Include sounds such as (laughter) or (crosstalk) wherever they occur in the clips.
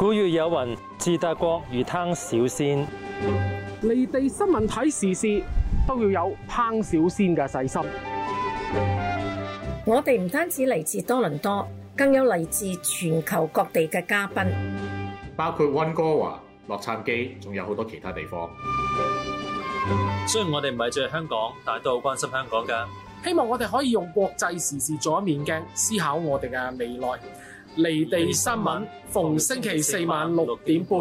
古月有云，自德國如烹小鮮。離地新聞睇時事，都要有烹小鮮嘅細心。我哋唔單止嚟自多倫多，更有嚟自全球各地嘅嘉賓，包括溫哥華、洛杉磯，仲有好多其他地方。雖然我哋唔係住喺香港，但係都好關心香港嘅。希望我哋可以用國際時事做一面鏡，思考我哋嘅未來。離地新聞，逢星期四晚六點半，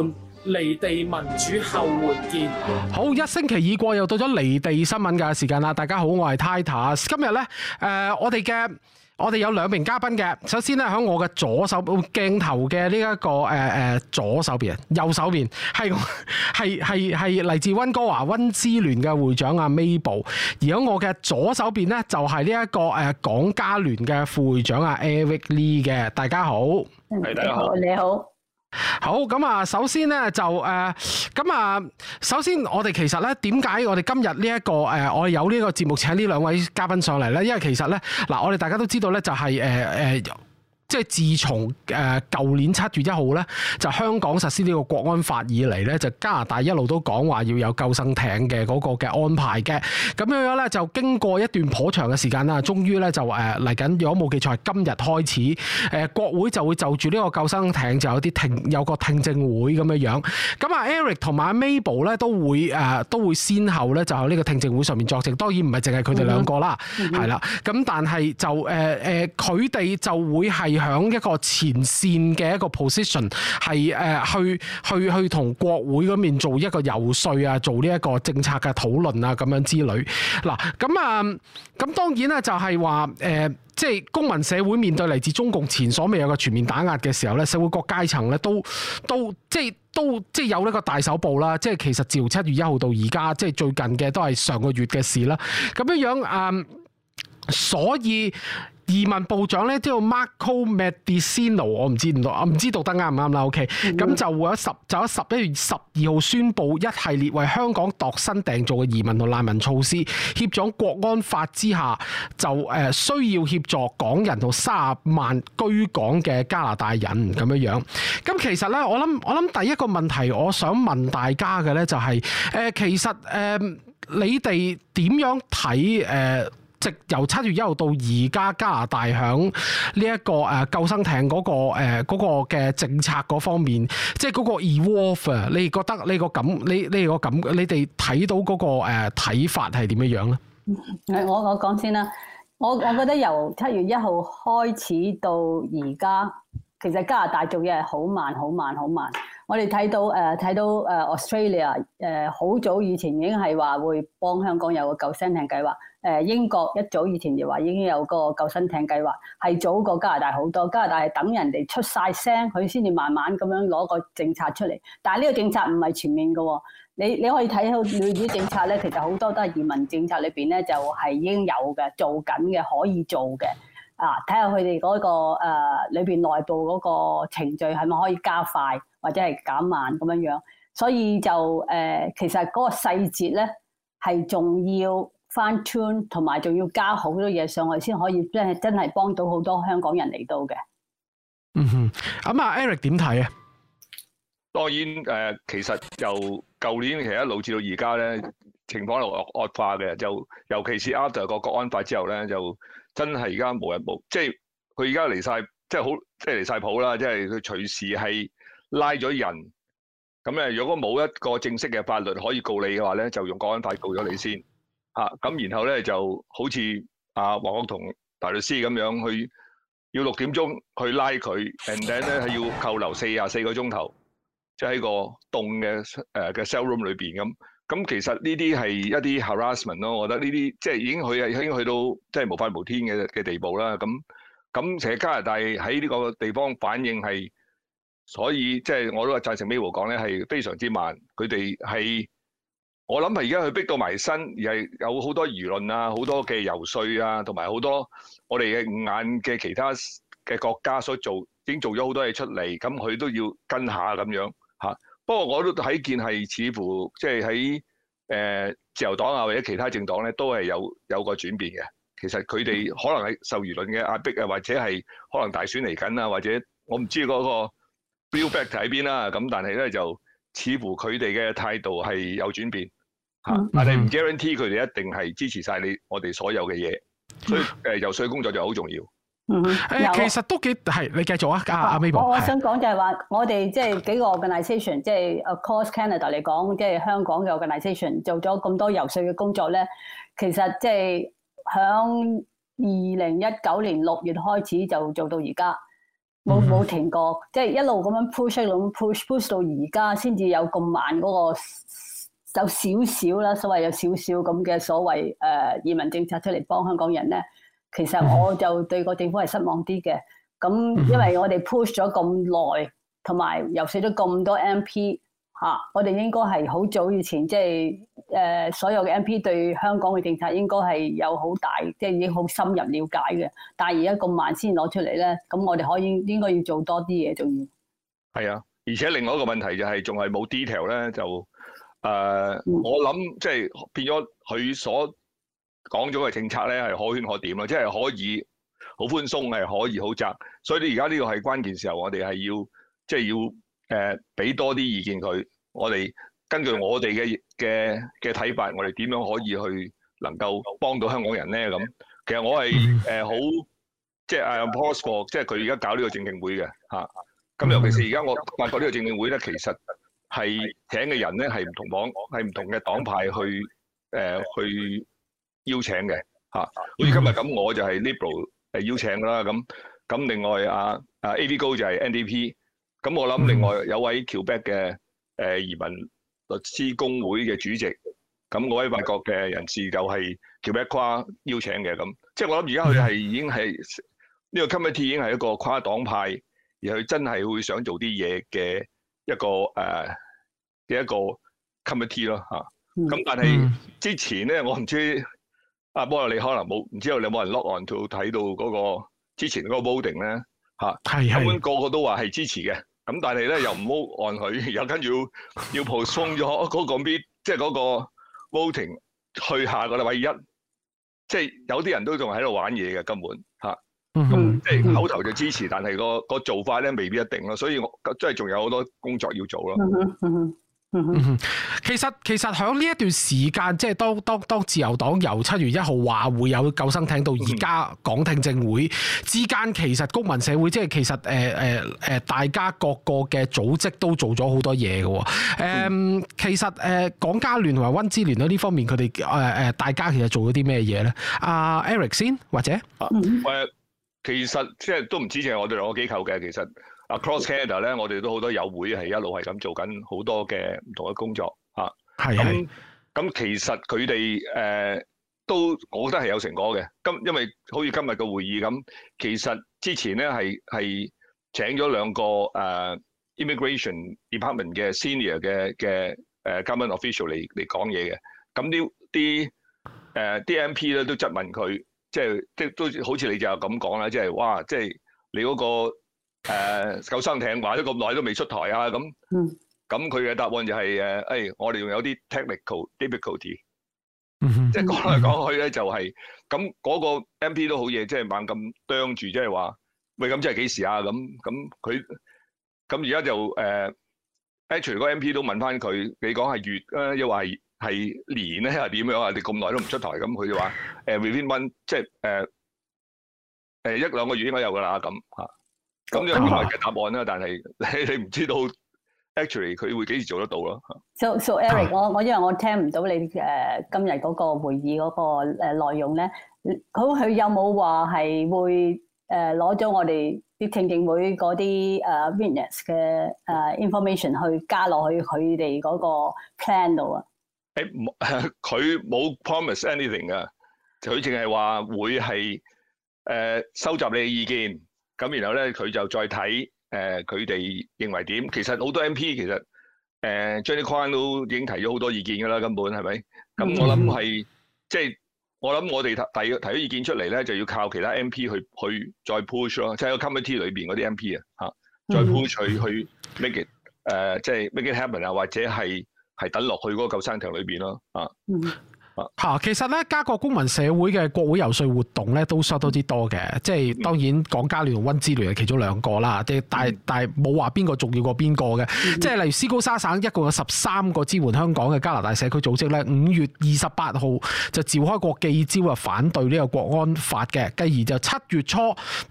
離地民主後援見。好，一星期已過，又到咗離地新聞嘅時間啦！大家好，我係 Titus，今日呢，誒、呃，我哋嘅。我哋有兩名嘉賓嘅，首先咧喺我嘅左手，鏡頭嘅呢一個誒誒、呃、左手邊，右手邊係係係係嚟自温哥華温支聯嘅會長阿 Mabel，而喺我嘅左手邊咧就係呢一個誒、呃、港加聯嘅副會長阿 Eric Lee 嘅，大家好，係，大家好，你好。你好。好咁啊！首先咧就誒，咁、呃、啊，首先我哋其實咧，點解我哋今日呢一個誒、呃，我哋有呢個節目請呢兩位嘉賓上嚟咧？因為其實咧，嗱、呃，我哋大家都知道咧，就係誒誒。呃呃即係自從誒舊年七月一號咧，就香港實施呢個國安法以嚟咧，就加拿大一路都講話要有救生艇嘅嗰個嘅安排嘅，咁樣樣咧就經過一段頗長嘅時間啦，終於咧就誒嚟緊，如果冇記錯，係今日開始誒、呃、國會就會就住呢個救生艇就有啲聽有個聽證會咁樣樣，咁啊 Eric 同埋阿 Mabel 咧都會誒、呃、都會先後咧就喺呢個聽證會上面作證，當然唔係淨係佢哋兩個啦，係啦，mm-hmm，咁但係就誒誒佢哋就會係。喺一個前線嘅一個 position，係誒、呃、去去去同國會嗰面做一個遊說啊，做呢一個政策嘅討論啊，咁樣之類嗱，咁啊，咁、嗯嗯、當然啦、呃，就係話誒即係公民社會面對嚟自中共前所未有嘅全面打壓嘅時候咧，社會各階層咧都都即係都即係有呢個大搜捕啦。即係其實自七月一號到而家，即係最近嘅都係上個月嘅事啦。咁樣樣啊、嗯，所以。移民部長咧，叫做 Marco Mendicino，我唔知唔到，我唔知讀得啱唔啱啦。OK，咁、哦、就會喺十就喺十一月十二號宣佈一系列為香港度身訂造嘅移民同難民措施，協助國安法之下，就誒、呃、需要協助港人同三十萬居港嘅加拿大人咁樣樣。咁其實咧，我諗我諗第一個問題，我想問大家嘅咧、就是，就係誒其實誒、呃、你哋點樣睇誒？呃由七月一號到而家，加拿大響呢一個誒救生艇嗰、那個誒嘅、那個、政策嗰方面，即係嗰個 rework 啊，你覺得呢個感，你你個感，你哋睇到嗰、那個睇、呃、法係點樣樣咧、嗯？我我講先啦，我我覺得由七月一號開始到而家，其實加拿大做嘢係好慢、好慢、好慢。我哋睇到誒睇、呃、到誒 Australia 誒、呃、好早以前已經係話會幫香港有個救生艇計劃。誒英國一早以前就話已經有個救生艇計劃，係早過加拿大好多。加拿大係等人哋出晒聲，佢先至慢慢咁樣攞個政策出嚟。但係呢個政策唔係全面嘅喎，你你可以睇到類似政策咧，其實好多都係移民政策裏邊咧就係已經有嘅，做緊嘅，可以做嘅。啊，睇下佢哋嗰個誒裏邊內部嗰個程序係咪可以加快或者係減慢咁樣樣，所以就誒、呃、其實嗰個細節咧係重要。翻 tune 同埋仲要加好多嘢上去，先可以真係真係幫到好多香港人嚟到嘅。嗯哼，咁阿 Eric 點睇啊？當然誒、呃，其實由舊年其實一路至到而家咧，情況係惡惡化嘅。就尤其是 after 個國安法之後咧，就真係而家無日無，即係佢而家嚟晒，即係好，即係嚟晒譜啦。即係佢隨時係拉咗人。咁咧，如果冇一個正式嘅法律可以告你嘅話咧，就用國安法告咗你先。啊咁，然後咧就好似阿黃國同大律師咁樣去，要六點鐘去拉佢，and then 咧係要扣留四廿四個鐘頭，即係喺個凍嘅誒嘅 cell room 裏邊咁。咁其實呢啲係一啲 harassment 咯，我覺得呢啲即係已經佢係已經去到即係無法無天嘅嘅地步啦。咁咁成日加拿大喺呢個地方反應係，所以即係我都話贊成美和講咧係非常之慢，佢哋係。我諗係而家佢逼到埋身，而係有好多輿論啊，好多嘅游説啊，同埋好多我哋嘅五眼嘅其他嘅國家所做，已經做咗好多嘢出嚟，咁佢都要跟下咁樣嚇。不過我都睇見係似乎即係喺誒自由黨啊或者其他政黨咧，都係有有個轉變嘅。其實佢哋可能係受輿論嘅壓迫，啊，或者係可能大選嚟緊啊，或者我唔知嗰個 background 喺邊啦。咁但係咧就似乎佢哋嘅態度係有轉變。我哋唔 guarantee 佢哋一定係支持晒你我哋所有嘅嘢，所以誒遊説工作就好重要。誒、嗯嗯、其實都幾係，你繼續啊，阿阿 Mabel，我，我想講就係話，我哋即係幾個 organization 即係 course Canada 嚟講，即係香港嘅 organization 做咗咁多遊説嘅工作咧，其實即係響二零一九年六月開始就做到而家，冇冇停過，即係、嗯、一路咁樣 push，咁 push，push 到而家先至有咁慢嗰個。有少少啦，所謂有少少咁嘅所謂誒移民政策出嚟幫香港人咧，其實我就對個政府係失望啲嘅。咁因為我哋 push 咗咁耐，同埋又選咗咁多 M P 吓，我哋應該係好早以前即係誒所有嘅 M P 對香港嘅政策應該係有好大，即係已經好深入了解嘅。但係而家咁慢先攞出嚟咧，咁我哋可以應該要做多啲嘢，仲要係啊。而且另外一個問題就係仲係冇 detail 咧，就。誒、uh,，我諗即係變咗佢所講咗嘅政策咧，係可圈可點咯，即係可以好寬鬆，係可以好窄。所以你而家呢個係關鍵時候，我哋係要即係要誒俾多啲意見佢。我哋根據我哋嘅嘅嘅睇法，我哋點樣可以去能夠幫到香港人咧？咁其實我係誒好即係阿 Pauls for 即係佢而家搞呢個政綱會嘅嚇。咁尤其是而家我發覺呢個政綱會咧，其實。係請嘅人咧係唔同黨係唔同嘅黨派去誒、呃、去邀請嘅嚇，好似今日咁我就係 Liberal 誒邀請啦咁，咁另外啊啊 a d i 高就係 NDP，咁我諗另外有位橋北嘅誒移民律師公會嘅主席，咁我喺法國嘅人士就係橋北跨邀請嘅咁，即係我諗而家佢係已經係呢、呢個 committee 已經係一個跨黨派，而佢真係會想做啲嘢嘅。一個誒嘅、uh, 一個 committee 咯嚇，咁但係之前咧，我唔知阿波、mm -hmm. 啊、你可能冇，唔知道你有冇人 lock on to 睇到嗰、嗰個之前嗰個 voting 咧嚇。一般個個都話係支持嘅，咁但係咧又唔好按佢，又， (laughs) 又跟住要要 post 送咗嗰個 bit，即係嗰個 voting 去下個禮拜一，即係有啲人都仲喺度玩嘢嘅，根本。咁即係口頭嘅支持，但係，嗰個、嗰個做法咧未必一定咯，所以我即係仲有好多工作要做咯、嗯嗯。其實其實喺呢一段時間，即係當當當自由黨由七月一號話會有救生艇到而家講聽證會之間，其實公民社會即係其實誒誒誒，大家各個嘅組織都做咗好多嘢嘅喎。其實誒、呃、港加聯同埋溫支聯喺呢方面，佢哋誒誒大家其實做咗啲咩嘢咧？阿、呃、Eric 先，或者、啊呃其實即係都唔止淨係我哋兩個機構嘅，其實 Across Canada 咧，我哋都好多友會係一路係咁做緊好多嘅唔同嘅工作吓。係咁咁其實佢哋誒都，我覺得係有成果嘅。今因為好似今日嘅會議咁，其實之前咧係係請咗兩個誒、呃、Immigration Department 嘅 Senior 嘅嘅誒 Government Official 嚟嚟講嘢嘅。咁呢啲誒 DMP 咧都質問佢。即係即係都好似你就咁講啦，即係哇！即係你嗰、那個、呃、救生艇話咗咁耐都未出台啊！咁，咁佢嘅答案就係、是、誒，誒、哎、我哋仲有啲 technical difficulty。Mm -hmm. 即係講嚟講去咧、就是，就係咁嗰個 MP 都好嘢，即係猛咁啄住，即係話，喂咁即係幾時啊？咁咁佢咁而家就誒，actually、呃、個 MP 都問翻佢，你講係月啊，又話係。係年咧，又點樣啊？你咁耐都唔出台，咁佢 (laughs) 就話誒 revival 即係一兩個月應該有㗎啦。咁嚇，咁就今日嘅答案啦。 (laughs) 但係你你唔知道 actually 佢會幾時做得到咯？So so Eric， (laughs) 我我因為我聽唔到你誒今日嗰個會議嗰個內容咧，咁佢有冇話係會誒攞咗我哋啲聽證會嗰啲誒 witness 嘅誒 information 去加落去佢哋嗰個 plan 度啊？佢 (laughs) 冇 promise anything 噶，佢淨係話會係誒、呃、收集你嘅意見，咁然後咧佢就再睇誒佢哋認為點。其實好多 M P 其實誒、呃、Jenny Kwong 都已經提咗好多意見㗎啦，根本係咪？咁我諗係 (laughs) 即係我諗我哋提提咗意見出嚟咧，就要靠其他 M P 去去再 push 咯，即係個 committee 裏邊嗰啲 M P 啊嚇，再 push 佢去，去 make it 誒、呃、即係 make it happen 啊，或者係。係等落去嗰舊餐廳裏面咯，啊！ (laughs) 吓，其實咧加國公民社會嘅國會遊說活動咧都相當之多嘅，即係當然港加聯同溫支聯係其中兩個啦，即係但係但係冇話邊個重要過邊個嘅，即係例如斯高沙省一共有十三個支援香港嘅加拿大社區組織咧，五月二十八號就召開個記招會反對呢個國安法嘅，繼而就七月初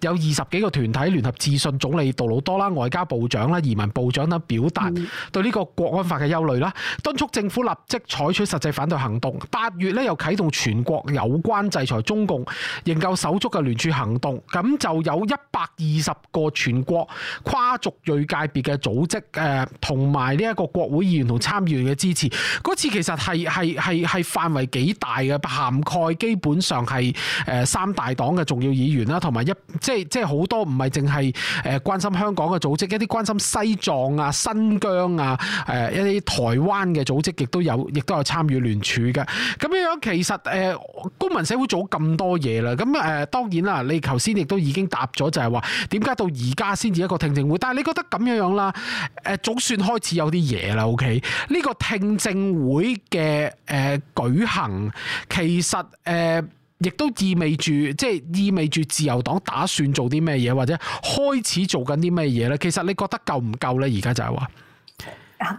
有二十幾個團體聯合致信總理杜魯多啦、外交部長啦、移民部長啦，表達對呢個國安法嘅憂慮啦，敦促政府立即採取實際反對行動。八月咧又啟動全國有關制裁中共、營救手足嘅聯署行動，咁就有一百二十個全國跨族裔界別嘅組織誒同埋呢一個國會議員同參議員嘅支持。嗰次其實係，係係係係範圍幾大嘅，涵蓋基本上係誒、呃、三大黨嘅重要議員啦，同埋一即係即係好多唔係淨係誒關心香港嘅組織，一啲關心西藏啊、新疆啊、誒、呃、一啲台灣嘅組織亦都有，亦都有參與聯署嘅。咁樣樣其實誒、呃、公民社會做咁多嘢啦，咁誒、呃、當然啦，你頭先亦都已經答咗，就係話點解到而家先至一個聽證會，但係你覺得咁樣樣啦，誒、呃、總算開始有啲嘢啦，OK？呢個聽證會嘅誒、呃、舉行，其實誒、呃、亦都意味住即係意味住自由黨打算做啲咩嘢，或者開始做緊啲咩嘢咧？其實你覺得夠唔夠咧？而家就係話。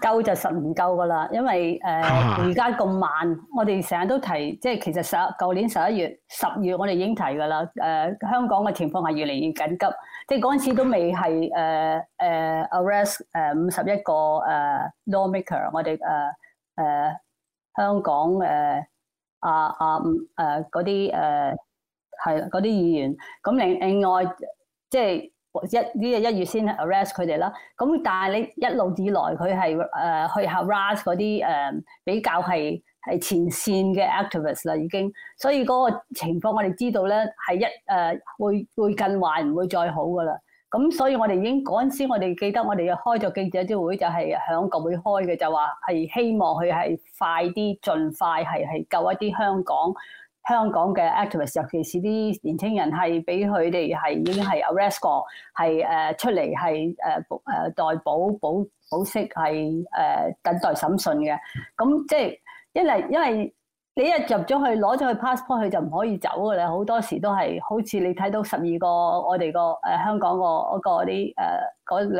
夠就實唔夠噶啦，因為誒而家咁慢，我哋成日都提，即係其實十舊年十一月十月，月我哋已經提噶啦。誒、呃、香港嘅情況係越嚟越緊急，即係嗰陣時都未係誒誒 arrest 誒五十一個誒、呃、lawmaker，我哋誒誒香港誒啊啊誒嗰啲誒係嗰啲議員。咁另另外即係。一呢個一月先 arrest 佢哋啦，咁但係你一路以來佢係誒去 harass 嗰啲誒比較係係前線嘅 activist 啦已經，所以嗰個情況我哋知道咧係一誒會會更壞唔會再好噶啦，咁所以我哋已經嗰陣時我哋記得我哋開咗記者招待會，就係響國會開嘅就話係希望佢係快啲盡快係係救一啲香港。香港嘅 activist，尤其是啲年青人，係俾佢哋係已經係 arrest 過，係誒出嚟係誒誒代保保保，保釋，係誒等待審訊嘅。咁即係因為，因為你一入咗去攞咗去 passport，佢就唔可以走噶啦。好多時都係好似你睇到十二個我哋個誒香港嗰個嗰個啲誒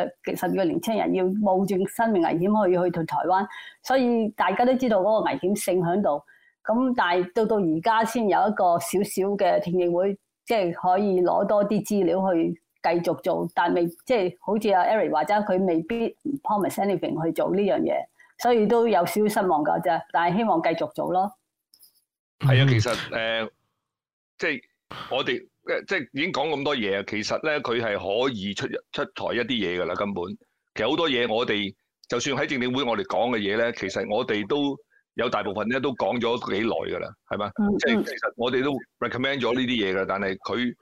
嗰十二個年青人要冒住生命危險去去到台灣，所以大家都知道嗰個危險性喺度。咁但係到到而家先有一個少少嘅聽證會，即係可以攞多啲資料去繼續做，但未即係好似阿 Eric 話齋，佢未必 promise anything 去做呢樣嘢，所以都有少少失望㗎啫。但係希望繼續做咯。係啊，其實誒、呃，即係我哋即係已經講咁多嘢，其實咧佢係可以出出台一啲嘢㗎啦，根本其實好多嘢我哋就算喺聽證會我哋講嘅嘢咧，其實我哋都，有大部分咧都講咗幾耐㗎啦，係嘛？Mm -hmm. 即係其實我哋都 recommend 咗呢啲嘢㗎，但係佢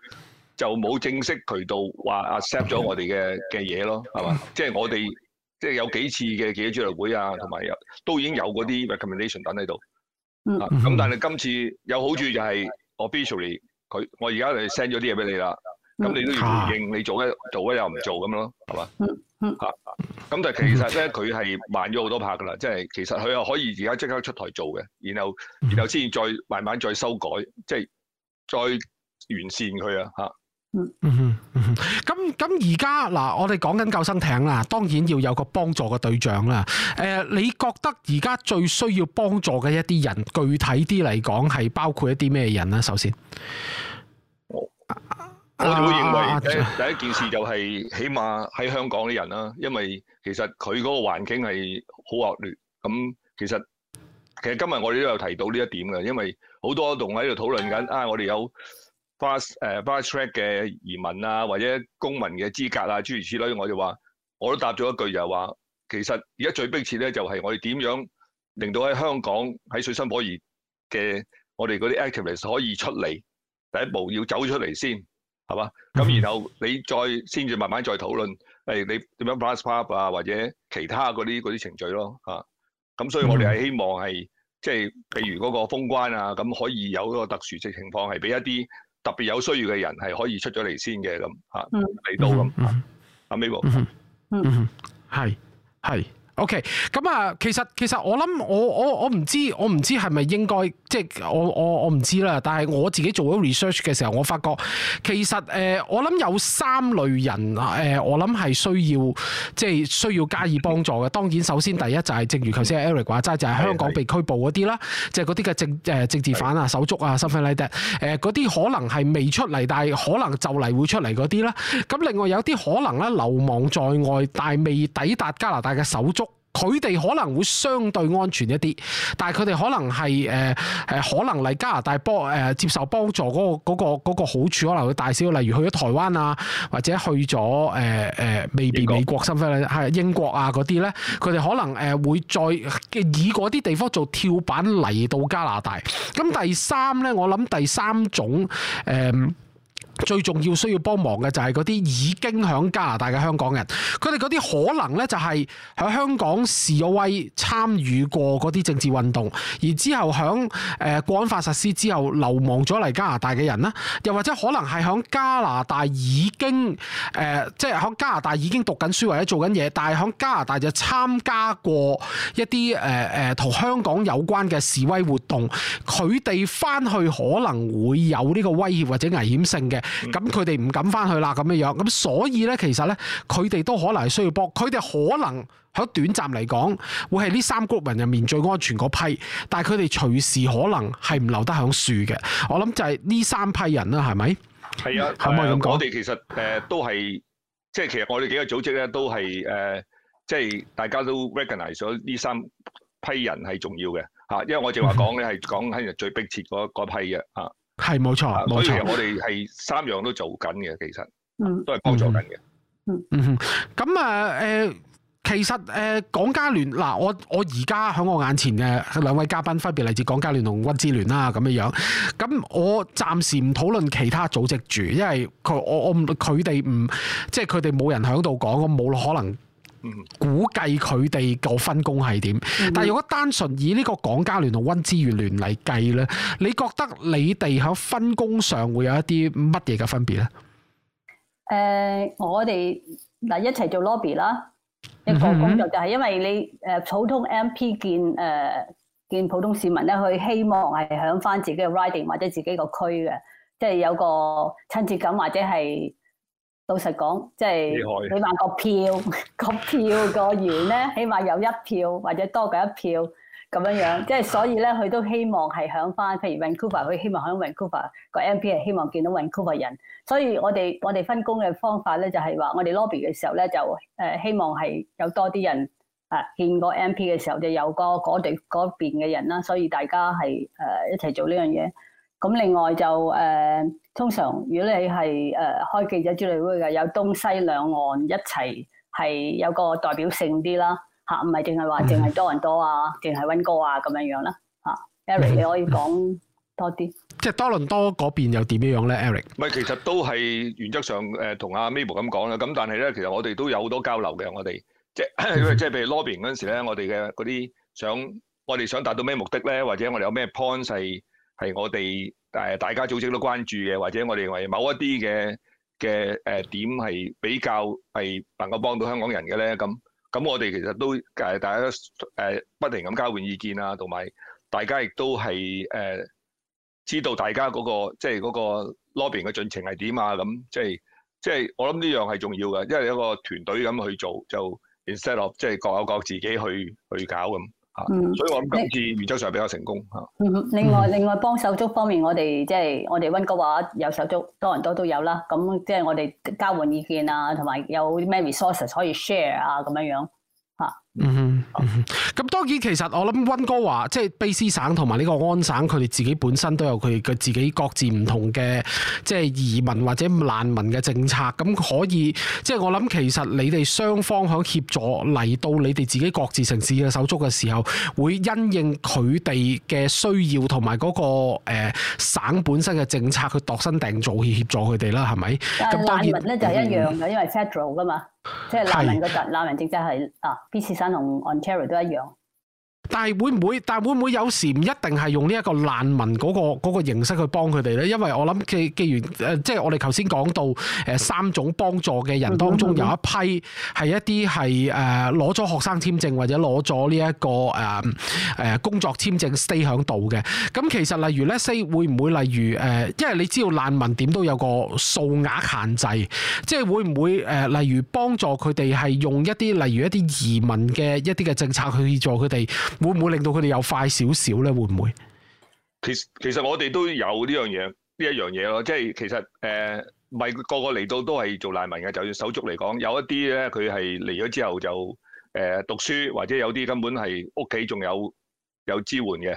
就冇正式渠道話 accept 咗我哋嘅嘅嘢咯，係嘛、mm -hmm.？即係我哋即係有幾次嘅記者招待會啊，同埋有，有都已經有嗰啲 recommendation 等喺度。咁、mm -hmm. 啊、但係今次有好處就係 officially 佢，我而家嚟 send 咗啲嘢俾你啦，咁、mm -hmm. 你都要回應，你做咧做咧又唔做咁咯，係嘛？Mm -hmm. 啊咁但係其實咧，佢係慢咗好多拍噶啦，即係其實佢又可以而家即刻出台做嘅，然後然後先再慢慢再修改，即係再完善佢啊嚇。嗯嗯哼嗯哼。咁咁而家嗱，我哋講緊救生艇啦，當然要有個幫助嘅對象啦。誒、呃，你覺得而家最需要幫助嘅一啲人，具體啲嚟講，係包括一啲咩人咧？首先。哦我哋會認為第一件事就係起碼喺香港啲人啦，因為其實佢嗰個環境係好惡劣。咁其實其實今日我哋都有提到呢一點嘅，因為好多同喺度討論緊啊，我哋有 fast 誒 fast track 嘅移民啊，或者公民嘅資格啊，諸如此類。我就話我都答咗一句，就係話其實而家最迫切咧，就係我哋點樣令到喺香港喺水深火熱嘅我哋嗰啲 activist 可以出嚟第一步，要走出嚟先。係嘛？咁然後你再先至、mm -hmm. 慢慢再討論，誒，你點樣 passport 啊，或者其他嗰啲啲程序咯，吓。咁所以我哋係希望係，即、mm、係 -hmm. 譬如嗰個封關啊，咁可以有個特殊嘅情況，係俾一啲特別有需要嘅人係可以出咗嚟先嘅咁，吓，嚟到咁。阿 Mabel 嗯係係。O.K. 咁啊，其實其實我諗我我我唔知我唔知係咪應該即係我我我唔知啦。但係我自己做咗 research 嘅時候，我發覺其實誒、呃、我諗有三類人啊誒、呃、我諗係需要即係、就是、需要加以幫助嘅。當然，首先第一就係正如頭先阿 Eric 話齋就係、是、香港被拘捕嗰啲啦，即係嗰啲嘅政誒政治犯啊、手足啊、身份誒嗰啲可能係未出嚟，但係可能就嚟會出嚟嗰啲啦。咁另外有啲可能咧流亡在外，但係未抵達加拿大嘅手足。佢哋可能會相對安全一啲，但係佢哋可能係、呃、可能嚟加拿大、呃、接受幫助嗰、嗰個個、嗰個好處可能會大小，例如去咗台灣啊，或者去咗、呃呃、未必美國、新菲英國啊嗰啲咧，佢哋可能誒、呃、會再以嗰啲地方做跳板嚟到加拿大。咁第三咧，我諗第三種、呃最重要需要幫忙嘅就係嗰啲已經喺加拿大嘅香港人，佢哋嗰啲可能咧，就係喺香港示威參與過嗰啲政治運動，然之後喺誒國安法實施之後流亡咗嚟加拿大嘅人啦，又或者可能係喺加拿大已經誒，即係喺加拿大已經讀緊書或者做緊嘢，但係喺加拿大就參加過一啲誒誒同香港有關嘅示威活動，佢哋翻去可能會有呢個威脅或者危險性嘅。咁佢哋唔敢翻去啦，咁嘅樣，咁所以咧，其實咧，佢哋都可能係需要搏。佢哋可能喺短暫嚟講，會係呢三 group 人入面最安全嗰批，但係佢哋隨時可能係唔留得響樹嘅。我諗就係呢三批人啦，係咪？係啊，可唔可以咁講？我哋、啊、其實、呃、都係，即係其實我哋幾個組織咧都係、呃、即係大家都 recognize 咗呢三批人係重要嘅、啊、因為我正話講咧係講緊最迫切嗰批嘅。係冇錯，冇錯、嗯、我哋係三樣都做緊嘅，其實，都係幫助緊嘅。嗯哼，咁、嗯、啊，誒、嗯嗯嗯嗯嗯嗯嗯，其實誒，港加聯嗱，我我而家喺我眼前嘅兩位嘉賓，分別嚟自港加聯同温之聯啦，咁樣樣。咁我暫時唔討論其他組織住，因為佢我我佢哋唔，即係佢哋冇人喺度講，我冇可能。估計佢哋個分工係點？但係如果單純以呢個港加聯同温支援聯嚟計咧，你覺得你哋喺分工上會有一啲乜嘢嘅分別咧？誒，我哋嗱一齊做 lobby 啦，一個工作就係因為你誒普通 MP 見誒見普通市民咧，佢希望係響返自己嘅 riding 或者自己個區嘅，即係有個親切感或者係。老實講，即係起碼個票個票個員咧，起碼有一票或者多過一票咁樣樣。即係所以咧，佢都希望係響翻，譬如 Vancouver，佢希望響 Vancouver 個 M P 係希望見到 Vancouver 人。所以我哋我哋分工嘅方法咧，就係話我哋 lobby 嘅時候咧，就誒希望係有多啲人啊見過 M P 嘅時候就有個嗰隊嗰邊嘅人啦。所以大家係誒一齊做呢樣嘢。咁另外就誒。通常如果你係誒、呃、開記者招待會嘅，有東西兩岸一齊係有個代表性啲啦嚇，唔係淨係話淨係多倫多啊，淨係溫哥啊咁樣樣啦嚇。Eric 你可以講多啲，即係多倫多嗰邊又點樣咧？Eric 咪其實都係原則上誒同阿 Mabel 咁講啦，咁但係咧其實我哋都有好多交流嘅，我哋即係 (laughs) 即係譬如 Lobbying 嗰陣時咧，我哋嘅嗰啲想我哋想達到咩目的咧，或者我哋有咩 point 係係我哋。大家組織都關注嘅，或者我哋認為某一啲嘅嘅誒點係比較係能夠幫到香港人嘅咧，咁咁我哋其實都大家不停咁交換意見啊，同埋大家亦都係知道大家嗰個即係嗰個 lobbying 嘅進程係點啊，咁即係即係我諗呢樣係重要嘅，因為一個團隊咁去做，就 instead of 即係各有各自己去去搞咁。嗯，所以我諗今次圓桌上比較成功嚇。另外另外幫手足方面我們，就是，我哋即係我哋温哥華有手足多倫多都有啦。咁即係我哋交換意見啊，同埋有啲咩 resources 可以 share 啊咁樣樣。嗯哼，咁、嗯、當然其實我諗温哥華，即係卑詩省同埋呢個安省，佢哋自己本身都有佢自己各自唔同嘅即係移民或者難民嘅政策，咁可以即係我諗其實你哋雙方響協助嚟到你哋自己各自城市嘅手足嘅時候，會因應佢哋嘅需要同埋嗰個、呃、省本身嘅政策去度身訂造去協助佢哋啦，係咪？咁難民咧就係一樣嘅、嗯，因為 Central 噶嘛。即係難民嗰陣，難民政策係啊，B.C. 省同 Ontario 都一樣。但係會唔會？但係會唔會有時唔一定係用呢一個難民嗰個嗰個形式去幫佢哋呢？因為我諗既既然即係我哋頭先講到誒三種幫助嘅人當中有一批係一啲係誒攞咗學生簽證或者攞咗呢一個誒誒、呃、工作簽證 stay 響度嘅。咁其實例如呢，stay 會唔會例如誒？因為你知道難民點都有個數額限制，即係會唔會誒、呃？例如幫助佢哋係用一啲例如一啲移民嘅一啲嘅政策去幫助佢哋。會唔會令到佢哋又快少少咧？會唔會？其實其實我哋都有呢樣嘢呢一樣嘢咯，即係其實誒，唔、呃、係個個嚟到都係做難民嘅。就算手足嚟講，有一啲咧佢係嚟咗之後就誒、呃、讀書，或者有啲根本係屋企仲有有支援嘅。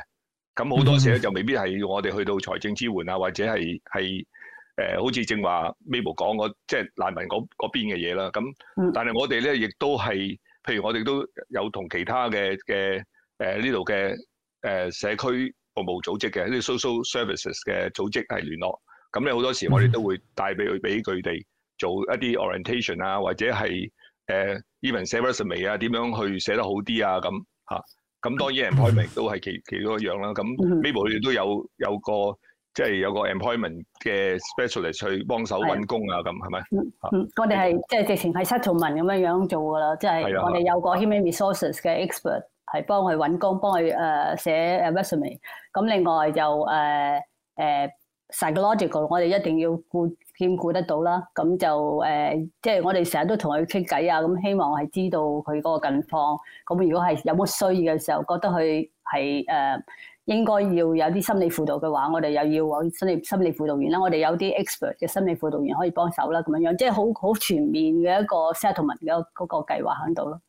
咁好多時咧就未必係我哋去到財政支援啊，或者係係誒好似正話 Mabel 講嗰即係難民嗰邊嘅嘢啦。咁但係我哋咧亦都係，譬如我哋都有同其他嘅嘅。的誒呢度嘅誒社區服務組織嘅呢啲 social services 嘅組織係聯絡，咁咧好多時候我哋都會帶俾佢俾佢哋做一啲 orientation 啊，或者係誒 even 寫 resume 啊，點樣去寫得好啲啊咁嚇。咁、啊、當然 employment、mm -hmm. 都係其其中一樣啦。咁呢邊佢哋都有有個即係、就是、有個 employment 嘅 specialist 去幫手揾工啊咁係咪？Mm -hmm. 是 mm -hmm. 我哋係即係直情係 settlement 咁樣樣做㗎啦，即、就、係、是、我哋有個 human resources 嘅 expert。係幫佢揾工，幫佢誒寫誒 resume。咁另外就誒誒、uh, uh, psychological，我哋一定要顧兼顧得到啦。咁就誒，即、uh, 係我哋成日都同佢傾偈啊。咁希望係知道佢嗰個近況。咁如果係有乜需要嘅時候，覺得佢係誒應該要有啲心理輔導嘅話，我哋又要搵心理心理輔導員啦。我哋有啲 expert 嘅心理輔導員可以幫手啦。咁樣樣即係好好全面嘅一個 settlement 嘅嗰個計劃喺度咯。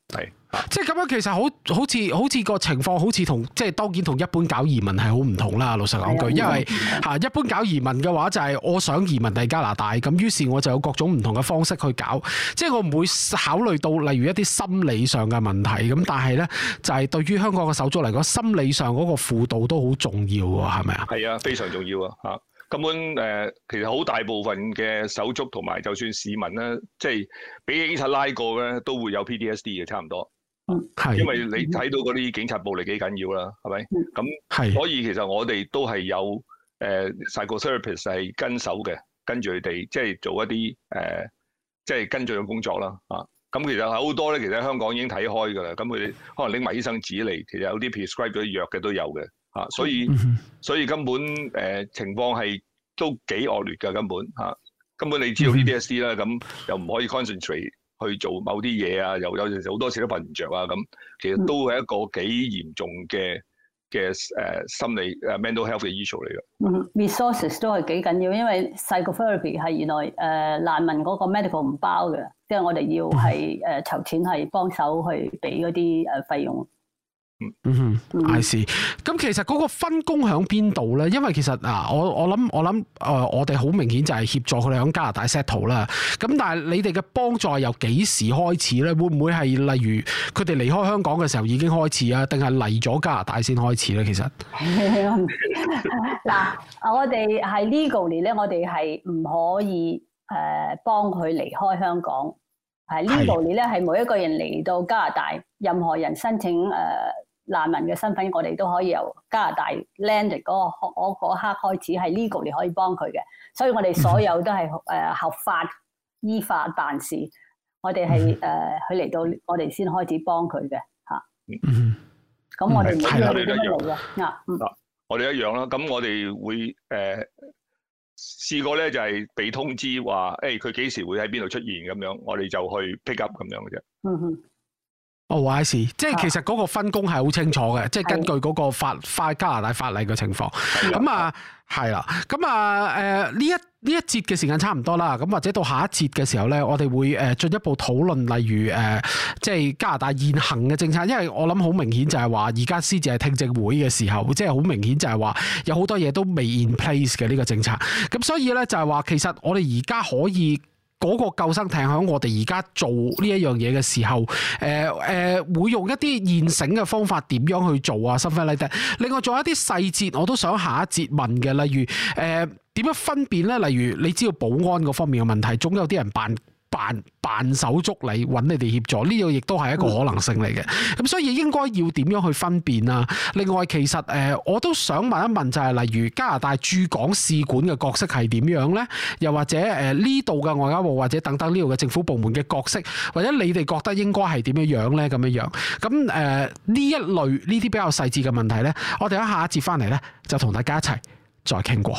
即係咁樣，其實好好似好似個情況，好似同即係當然同一般搞移民係好唔同啦。老實講句，因為吓一般搞移民嘅話，就係我想移民喺加拿大，咁於是我就有各種唔同嘅方式去搞。即係我唔會考慮到例如一啲心理上嘅問題。咁但係呢，就係、是、對於香港嘅手足嚟講，心理上嗰個輔導都好重要，係咪啊？係啊，非常重要啊！吓。根本、呃、其實好大部分嘅手足同埋，就算市民咧，即係俾警察拉過呢，都會有 PTSD 嘅，差唔多。係、嗯。因為你睇到嗰啲警察暴力幾緊要啦，係咪？咁，係。所以其實我哋都係有誒 psychotherapist 係跟手嘅，跟住佢哋即係做一啲誒、呃，即係跟進嘅工作啦。啊，咁其實好多咧，其實香港已經睇開噶啦。咁佢哋可能拎埋醫生紙嚟，其實有啲 prescribe 咗藥嘅都有嘅。嚇！所以所以根本誒情況係都幾惡劣㗎，根本嚇根本你知道 PTSD 啦，咁又唔可以 concentrate 去做某啲嘢啊，又有時好多時都瞓唔着啊，咁其實都係一個幾嚴重嘅嘅誒心理誒、mm -hmm. mental health 嘅 issue 嚟嘅。Resources 都係幾緊要，因為 psychotherapy 係原來誒難民嗰個 medical 唔包嘅，即係我哋要係誒籌錢係幫手去俾嗰啲誒費用。Mm -hmm. 嗯哼，I C。咁、嗯嗯、其實嗰個分工喺邊度咧？因為其實嗱，我我諗我諗，誒，我哋好、呃、明顯就係協助佢哋喺加拿大 settle 啦。咁但係你哋嘅幫助由幾時開始咧？會唔會係例如佢哋離開香港嘅時候已經開始啊？定係嚟咗加拿大先開始咧？其實嗱，我哋係 legal 年咧，我哋係唔可以誒幫佢離開香港。係 legal 年咧，係每一個人嚟到加拿大，任何人申請誒。呃難民嘅身份，我哋都可以由加拿大 landed 嗰、那個我嗰刻開始係 legal，你可以幫佢嘅，所以我哋所有都係誒合法、 (laughs) 依法辦事。我哋係誒佢嚟到，我哋先開始幫佢嘅嚇。咁 (laughs) 我哋唔 (laughs) (laughs) (laughs) 一個都一樣啊。嗱，我哋一樣啦。咁我哋會誒試過咧，就係俾通知話誒，佢幾時會喺邊度出現咁樣，我哋、呃就，欸、就去 pick up 咁樣嘅啫。嗯哼。我、oh, 話即係其實嗰個分工係好清楚嘅，yeah. 即係根據嗰個法法加拿大法例嘅情況。咁、yeah. 啊，係啦，咁啊，誒、呃、呢一呢一節嘅時間差唔多啦。咁或者到下一節嘅時候咧，我哋會誒進一步討論，例如誒、呃，即係加拿大現行嘅政策。因為我諗好明顯就係話，而家先至係聽證會嘅時候，即係好明顯就係話有好多嘢都未 in place 嘅呢、這個政策。咁所以咧，就係、是、話其實我哋而家可以。嗰、個救生艇喺我哋而家做呢一樣嘢嘅時候，誒、呃呃、會用一啲現成嘅方法點樣去做啊。s (music) 另外仲有一啲細節我都想下一節問嘅，例如誒呃、點樣分辨呢？例如你知道保安嗰方面嘅問題，總有啲人扮。扮手足，你揾你哋協助呢個，亦都係一個可能性嚟嘅。咁所以應該要點樣去分辨啊？另外，其實、呃、我都想問一問、就係，就係例如加拿大駐港使館嘅角色係點樣呢？又或者呢度嘅外交部或者等等呢度嘅政府部門嘅角色，或者你哋覺得應該係點樣樣呢？咁樣樣咁呃、呢一類呢啲比較細緻嘅問題呢，我哋喺下一節翻嚟呢，就同大家一齊再傾過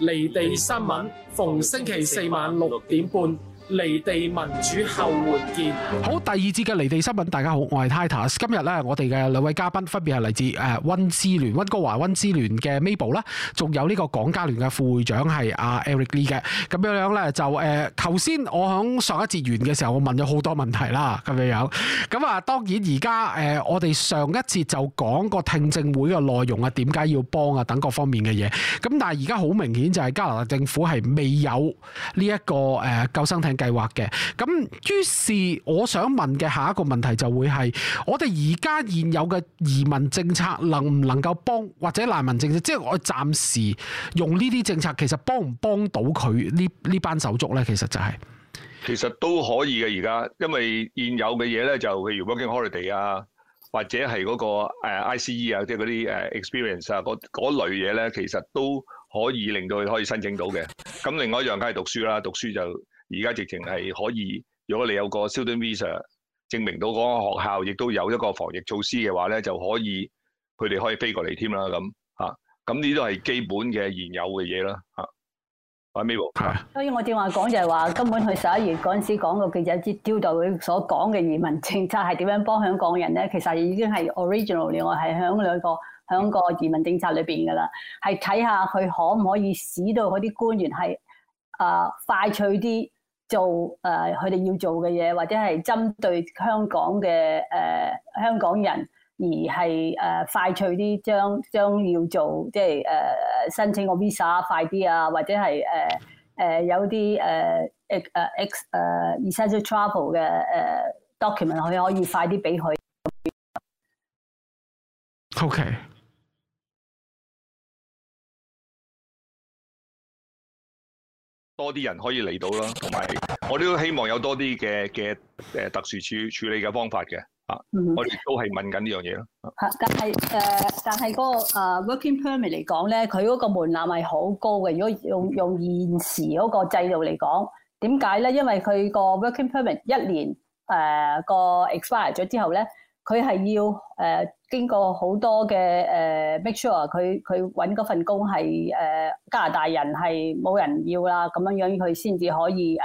離地新聞，逢星期四晚六點半。離地民主後援健，好，第二節嘅離地新聞，大家好，我係 Titus。今日咧，我哋嘅兩位嘉賓分別係嚟自誒，温支聯、温哥華温支聯嘅 Mabel 啦，仲有呢個港加聯嘅副會長係阿 Eric Lee 嘅。咁樣樣咧就誒，頭先我響上一節完嘅時候，我問咗好多問題啦，咁樣樣。咁啊，當然而家誒，我哋上一節就講過聽證會嘅內容啊，點解要幫啊，等各方面嘅嘢。咁但係而家好明顯就係加拿大政府係未有呢一個誒救生艇，計劃嘅，咁於是我想問嘅下一個問題就會係，我哋而家現有嘅移民政策能唔能夠幫，或者難民政策，即係我暫時用呢啲政策，其實幫唔幫到佢呢呢班手足咧？其實就係，其實都可以嘅而家，因為現有嘅嘢，咧就譬如 working holiday 啊，或者係嗰個誒 ICE 啊，即係嗰啲誒 experience 啊，嗰嗰類嘢咧，其實都可以令到佢可以申請到嘅。咁另外一樣梗係讀書啦，讀書就。而家直情係可以，如果你有個 student visa，證明到嗰個學校亦都有一個防疫措施嘅話咧，就可以佢哋可以飛過嚟添啦。咁嚇，咁呢都係基本嘅現有嘅嘢啦。嚇，阿 Mabel 係。所以我正話講就係話，根本佢十一月嗰陣時講過記者招待會所講嘅移民政策係點樣幫香港人咧？其實已經係 original 嘅，我係喺兩個喺個移民政策裏邊噶啦，係睇下佢可唔可以使到嗰啲官員係啊快脆啲。做誒佢哋要做嘅嘢，或者係針對香港嘅誒、呃、香港人而係誒、呃、快脆啲，將將要做即係誒、呃、申請個 visa 快啲啊，或者係誒誒有啲誒誒 x 誒 essential travel 嘅、呃、document 佢可以快啲俾佢。O K。多啲人可以嚟到啦，同埋我都希望有多啲嘅嘅誒特殊處處理嘅方法嘅嚇，mm -hmm. 我哋都係問緊呢樣嘢咯嚇。但係誒、呃，但係嗰個 working permit 嚟講咧，佢嗰個門檻係好高嘅。如果用用現時嗰個制度嚟講，點解咧？因為佢個 working permit 一年誒、呃、個 expire 咗之後咧，佢係要誒。呃經過好多嘅誒，uh, make sure 佢佢揾嗰份工係誒，uh, 加拿大人係冇人要啦，咁樣樣佢先至可以誒誒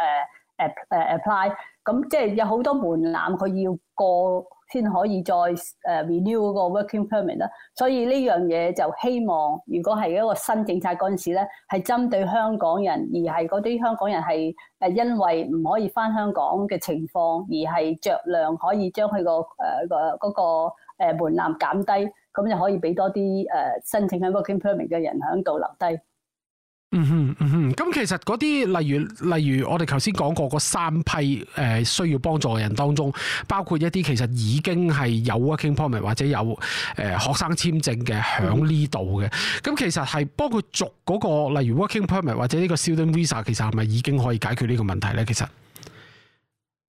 誒 apply。咁即係有好多門檻，佢要過先可以再誒 renew 嗰個 working permit 啦。所以呢樣嘢就希望，如果係一個新政策嗰陣時咧，係針對香港人，而係嗰啲香港人係誒因為唔可以返香港嘅情況，而係酌量可以將佢個嗰個誒個嗰個。誒、呃、門檻減低，咁就可以俾多啲誒、呃、申請喺 working permit 嘅人喺度留低。嗯哼，嗯哼，咁其實嗰啲例如，例如我哋頭先講過嗰三批誒、呃、需要幫助嘅人當中，包括一啲其實已經係有 working permit 或者有誒、呃、學生簽證嘅喺呢度嘅。咁、嗯、其實係幫佢續嗰、那個，例如 working permit 或者呢個 student visa，其實係咪已經可以解決呢個問題咧？其實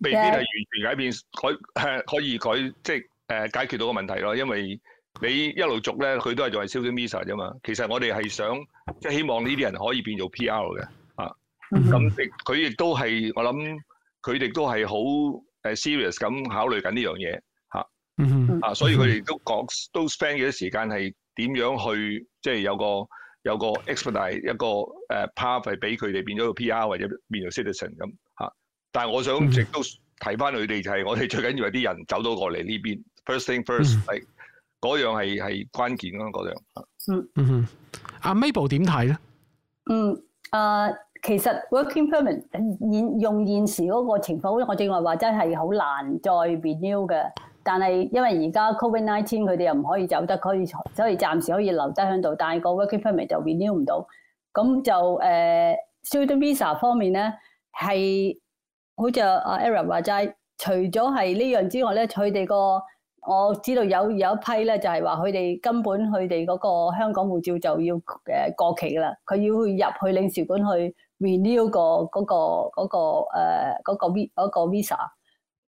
未必係完全解決，佢係可以佢即係。誒解決到個問題咯，因為你一路續咧，佢都係做為 social media 啫嘛。其實我哋係想即係、就是、希望呢啲人可以變做 PR 嘅啊。咁佢亦都係我諗，佢哋都係好誒 serious 咁考慮緊呢樣嘢嚇。啊、mm -hmm.，所以佢哋都講都 spend 幾多時間係點樣去即係、就是、有個有個 expedite 一個誒 path 係俾佢哋變咗個 PR 或者變咗 citizen 咁嚇。但係我想直都提翻佢哋就係我哋最緊要係啲人走到過嚟呢邊。First thing first，係、嗯、嗰樣係係關鍵咯，嗰、嗯、樣。嗯嗯哼，阿 Mabel 點睇咧？嗯，誒、呃，其實 working permit 現用現時嗰個情況，我正話話真係好難再 renew 嘅。但係因為而家 COVID-19 佢哋又唔可以走得，可以所以暫時可以留低喺度。但係個 working permit 就 renew 唔到，咁就誒 student visa 方面咧，係好似阿 Eric 話齋，除咗係呢樣之外咧，佢哋個我知道有有一批咧，就係話佢哋根本佢哋嗰個香港護照就要誒過期啦，佢要去入去領事館去 renew、嗰個嗰、嗰個嗰、嗰個 vis 嗰、嗰個嗰個 visa、mm -hmm.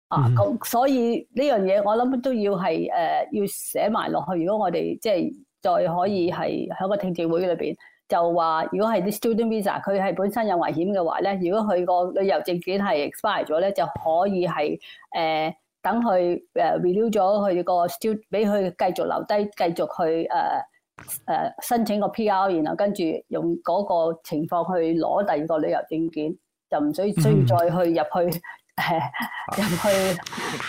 啊，咁所以呢樣嘢我諗都要係誒要寫埋落去。如果我哋即係再可以係喺個聽證會裏邊就話，如果係啲 student visa 佢係本身有危險嘅話咧，如果佢個旅遊證件係 expired 咗咧，就可以係誒。呃等佢誒 review 咗佢個 student，俾佢繼續留低，繼續去誒誒、呃、申請個 PR，然後跟住用嗰個情況去攞第二個旅遊證件，就唔需需要再去入去誒入去。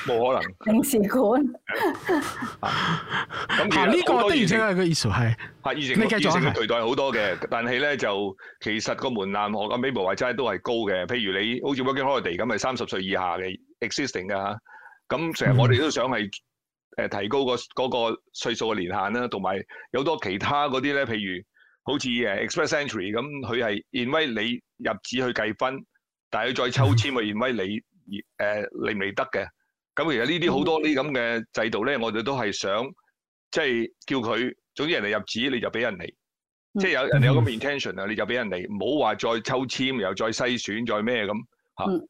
冇、嗯啊、可能。領事館。啊，咁而家多餘性嘅 issue 係啊，你續多餘性嘅對待好多嘅，但係咧就其實個門檻我個表話真係都係高嘅，譬如你好似 working holiday 咁，係三十歲以下嘅 existing 啊。咁成日我哋都想係提高個嗰個歲數嘅年限啦、啊，同埋好多其他嗰啲咧，譬如好似 Express Entry 咁，佢係 invite 你入紙去計分，但係佢再抽籤咪 invite 你誒嚟唔嚟得嘅。咁其實呢啲好多呢咁嘅制度咧，我哋都係想即係、就是、叫佢，總之人哋入紙你就俾人嚟，即、mm、係 -hmm. 有人哋有個 intention 啊，你就俾人嚟，唔好話再抽籤又再篩選再咩咁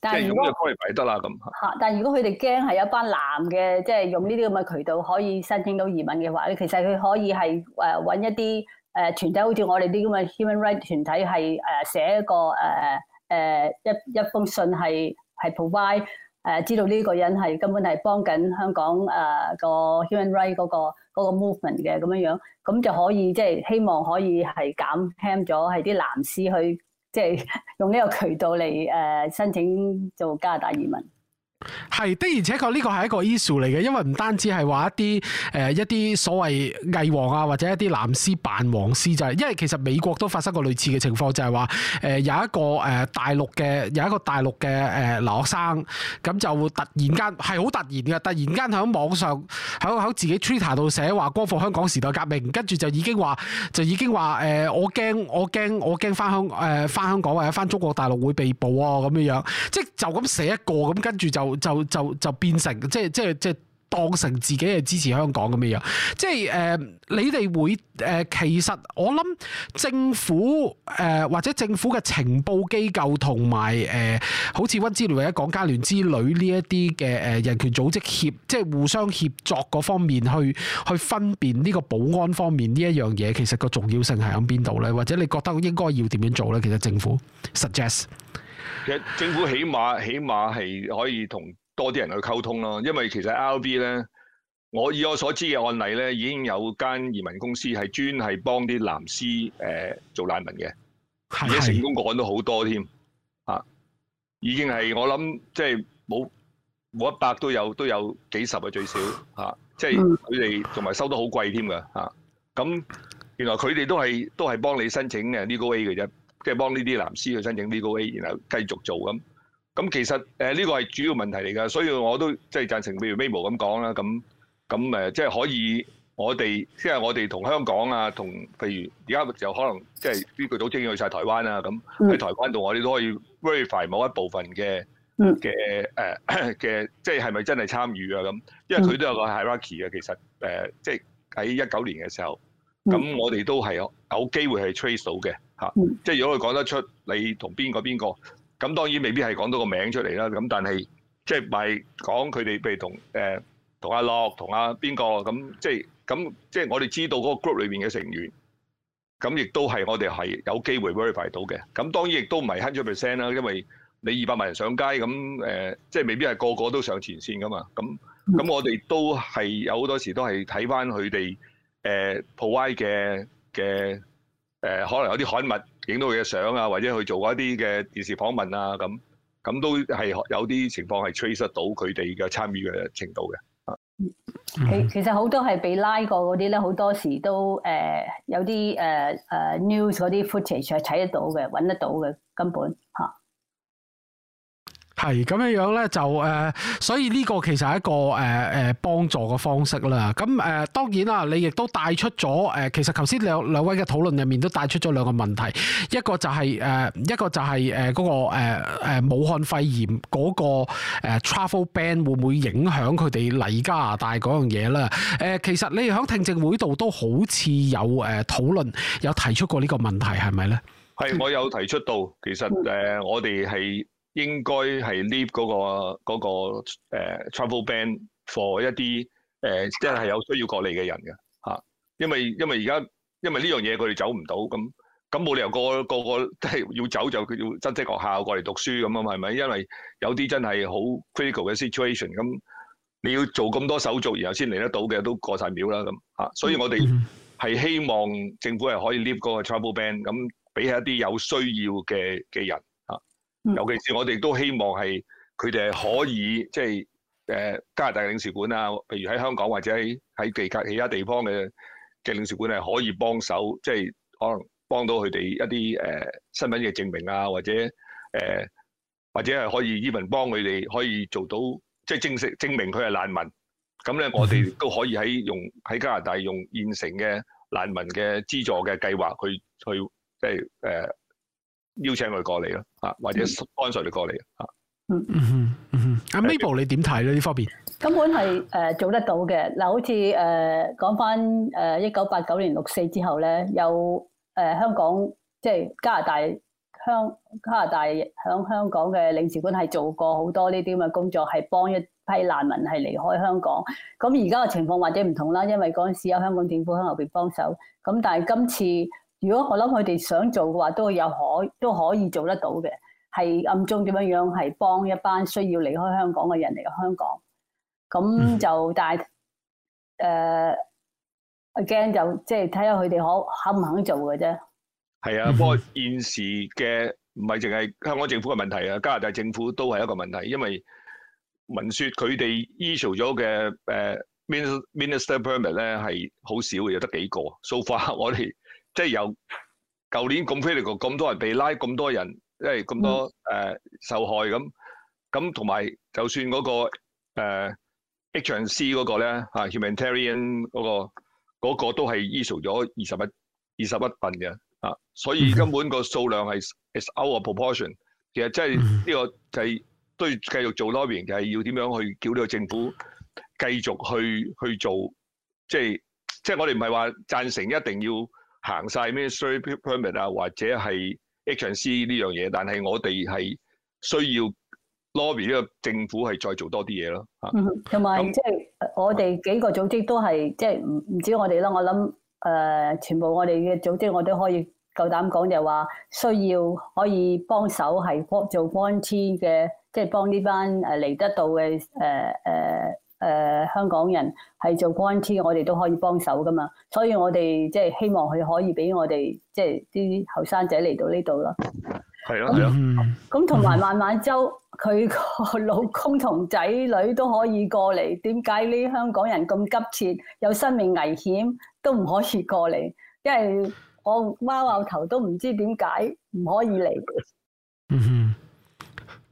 即係如果佢哋擺得啦咁嚇，但係如果佢哋驚係一班男嘅，即係用呢啲咁嘅渠道可以申請到移民嘅話，其實佢可以係誒揾一啲誒團體，好似我哋啲咁嘅 human right 團體，係誒寫一個誒誒一一封信係係 provide 誒知道呢個人係根本係幫緊香港誒個 human right 嗰個嗰個 movement 嘅咁樣樣，咁就可以即係希望可以係減輕咗係啲男士去。即係用呢個渠道嚟誒申請做加拿大移民。係的，而且確呢個係一個 issue 嚟嘅，因為唔單止係話一啲誒、呃、一啲所謂偽黃啊，或者一啲藍絲扮黃絲就係、是，因為其實美國都發生過類似嘅情況，就係話誒有一個誒、呃、大陸嘅有一個大陸嘅誒留學生，咁就會突然間係好突然嘅，突然間喺網上喺喺自己 Twitter 度寫話光復香港時代革命，跟住就已經話就已經話誒、呃、我驚我驚我驚翻香誒翻香港，、呃、翻香港或者翻中國大陸會被捕啊咁樣樣，即係就咁寫一個，咁跟住就。就就就變成即係即係即係，當成自己係支持香港咁嘅樣。即係誒、呃，你哋會誒、呃？其實我諗政府誒、呃，或者政府嘅情報機構同埋誒，好似溫支聯或者港加聯之類呢一啲嘅誒人權組織協，即係互相協作嗰方面去去分辨呢個保安方面呢一樣嘢，其實個重要性係喺邊度咧？或者你覺得應該要點樣做咧？其實政府 suggest。其實政府起碼起碼係可以同多啲人去溝通咯，因為其實 RB 咧，我以我所知嘅案例咧，已經有間移民公司係專係幫啲藍絲誒做難民嘅，而且成功個案都好多添，嚇已經係我諗即係冇冇一百都有都有幾十嘅最少嚇，即係佢哋同埋收得好貴添嘅嚇，咁原來佢哋都係都係幫你申請嘅 Legal Aid 嘅啫。即係幫呢啲藍絲去申請 Legal Aid，然後繼續做咁。咁其實呢個係主要問題嚟㗎，所以我都即係贊成，譬如 Mao 咁講啦。咁咁即係可以我哋即係我哋同香港啊，同譬如而家就可能即係呢個組已經去晒台灣啊。咁喺台灣度，我哋都可以 verify 某一部分嘅嘅嘅，即係係咪真係參與啊？咁因為佢都有個 Hierarchy 嘅，其實即係喺一九年嘅時候，咁我哋都係有機會去 trace 到嘅。即係如果佢講得出你同邊個邊個，咁當然未必係講到個名出嚟啦。咁但係即係咪講佢哋譬如同誒同阿樂、同阿邊個咁，即係咁即係我哋知道嗰個 group 裏面嘅成員，咁亦都係我哋係有機會 verify 到嘅。咁當然亦都唔係 hundred percent 啦，因為你二百萬人上街咁誒，那即係未必係個個都上前線噶嘛。咁咁我哋都係有好多時都係睇翻佢哋誒 provide 嘅嘅。誒可能有啲刊物影到佢嘅相啊，或者去做一啲嘅電視訪問、嗯那呃呃、那 footage，啊，咁咁都係有啲情況係 trace 到佢哋嘅參與嘅程度嘅。其其實好多係被拉過嗰啲咧，好多時都誒有啲誒誒 news 嗰啲 footage 係睇得到嘅，揾得到嘅根本嚇。係咁樣樣咧，就、呃、所以呢個其實係一個誒、呃、幫助嘅方式啦。咁、呃、當然啦，你亦都帶出咗、呃、其實頭先兩兩位嘅討論入面都帶出咗兩個問題，一個就係、是、誒、呃，一個就係嗰、那個、呃、武漢肺炎嗰個 travel ban d 會唔會影響佢哋嚟加拿大嗰樣嘢咧、呃？其實你喺聽證會度都好似有誒、呃、討論，有提出過呢個問題，係咪咧？係，我有提出到，其實、呃、我哋係。應該係 lift 嗰個、嗰個呃、travel ban for 一啲即係有需要過嚟嘅人嘅，因為因為而家因為呢樣嘢佢哋走唔到。咁咁冇理由個個要走就要爭啲學校過嚟讀書咁啊嘛，係咪？因為有啲真係好 critical 嘅 situation，咁你要做咁多手續，然後先嚟得到嘅都過晒秒啦，咁所以我哋係希望政府係可以 lift 嗰個 travel ban，咁俾一啲有需要嘅嘅人。尤其是我哋都希望係佢哋係可以即係誒加拿大的領事館啊，譬如喺香港或者喺喺其他其他地方嘅嘅領事館係可以幫手，即係可能幫到佢哋一啲誒身份嘅證明啊，或者誒、呃、或者係可以 even 幫佢哋可以做到即係證實證明佢係難民，咁咧我哋都可以喺用喺加拿大用現成嘅難民嘅資助嘅計劃去去即係誒。邀請佢過嚟咯，吓或者 sponsor 佢過嚟啊。嗯嗯嗯阿、嗯、Mabel 你點睇咧？呢方面根本係誒做得到嘅。嗱，好似誒講翻誒一九八九年六四之後咧，有誒香港即係加拿大香加拿大響香港嘅領事館係做過好多呢啲咁嘅工作，係幫一批難民係離開香港。咁而家嘅情況或者唔同啦，因為嗰陣時有香港政府喺後邊幫手。咁但係今次。如果我諗佢哋想做嘅話，都有可都可以做得到嘅，係暗中點樣樣係幫一班需要離開香港嘅人嚟到香港，咁就、嗯、但係誒，我、uh, 驚就即係睇下佢哋可肯唔肯做嘅啫。係啊，不過現時嘅唔係淨係香港政府嘅問題啊，加拿大政府都係一個問題，因為聞説佢哋 issue 咗嘅誒 minister permit 咧係好少嘅，有得幾個，so far 我哋。即係由舊年咁飛力咁多人被拉，咁多人即係咁多誒受害咁，咁同埋就算嗰個 H and C 嗰、嗰個咧吓 humanitarian 嗰個嗰、啊嗰個 mm. 嗰個嗰個都係 issue 咗二十一二十一份嘅啊，所以根本個數量係 is out of proportion，其實即係呢個就係、是、都要繼續做 lobbying，就係要點樣去叫呢個政府繼續去去做，即係即係我哋唔係話贊成一定要。行晒咩需要 permit 啊，或者係 H&C 呢樣嘢，但係我哋係需要 lobby 呢個政府係再做多啲嘢咯嚇。同埋即係我哋幾個組織都係即係唔唔止我哋啦，我諗誒、呃、全部我哋嘅組織我都可以夠膽講就話、是、需要可以幫手係做 anti 嘅，即、就、係、是、幫呢班誒嚟得到嘅誒誒，呃呃誒、呃、香港人係做關愛，我哋都可以幫手㗎嘛，所以我哋即係希望佢可以畀我哋即係啲後生仔嚟到呢度咯。係咯。咁同埋慢慢周佢個老公同仔女都可以過嚟，點解呢香港人咁急切，有生命危險都唔可以過嚟？因為我媽阿頭都唔知點解唔可以嚟。嗯哼。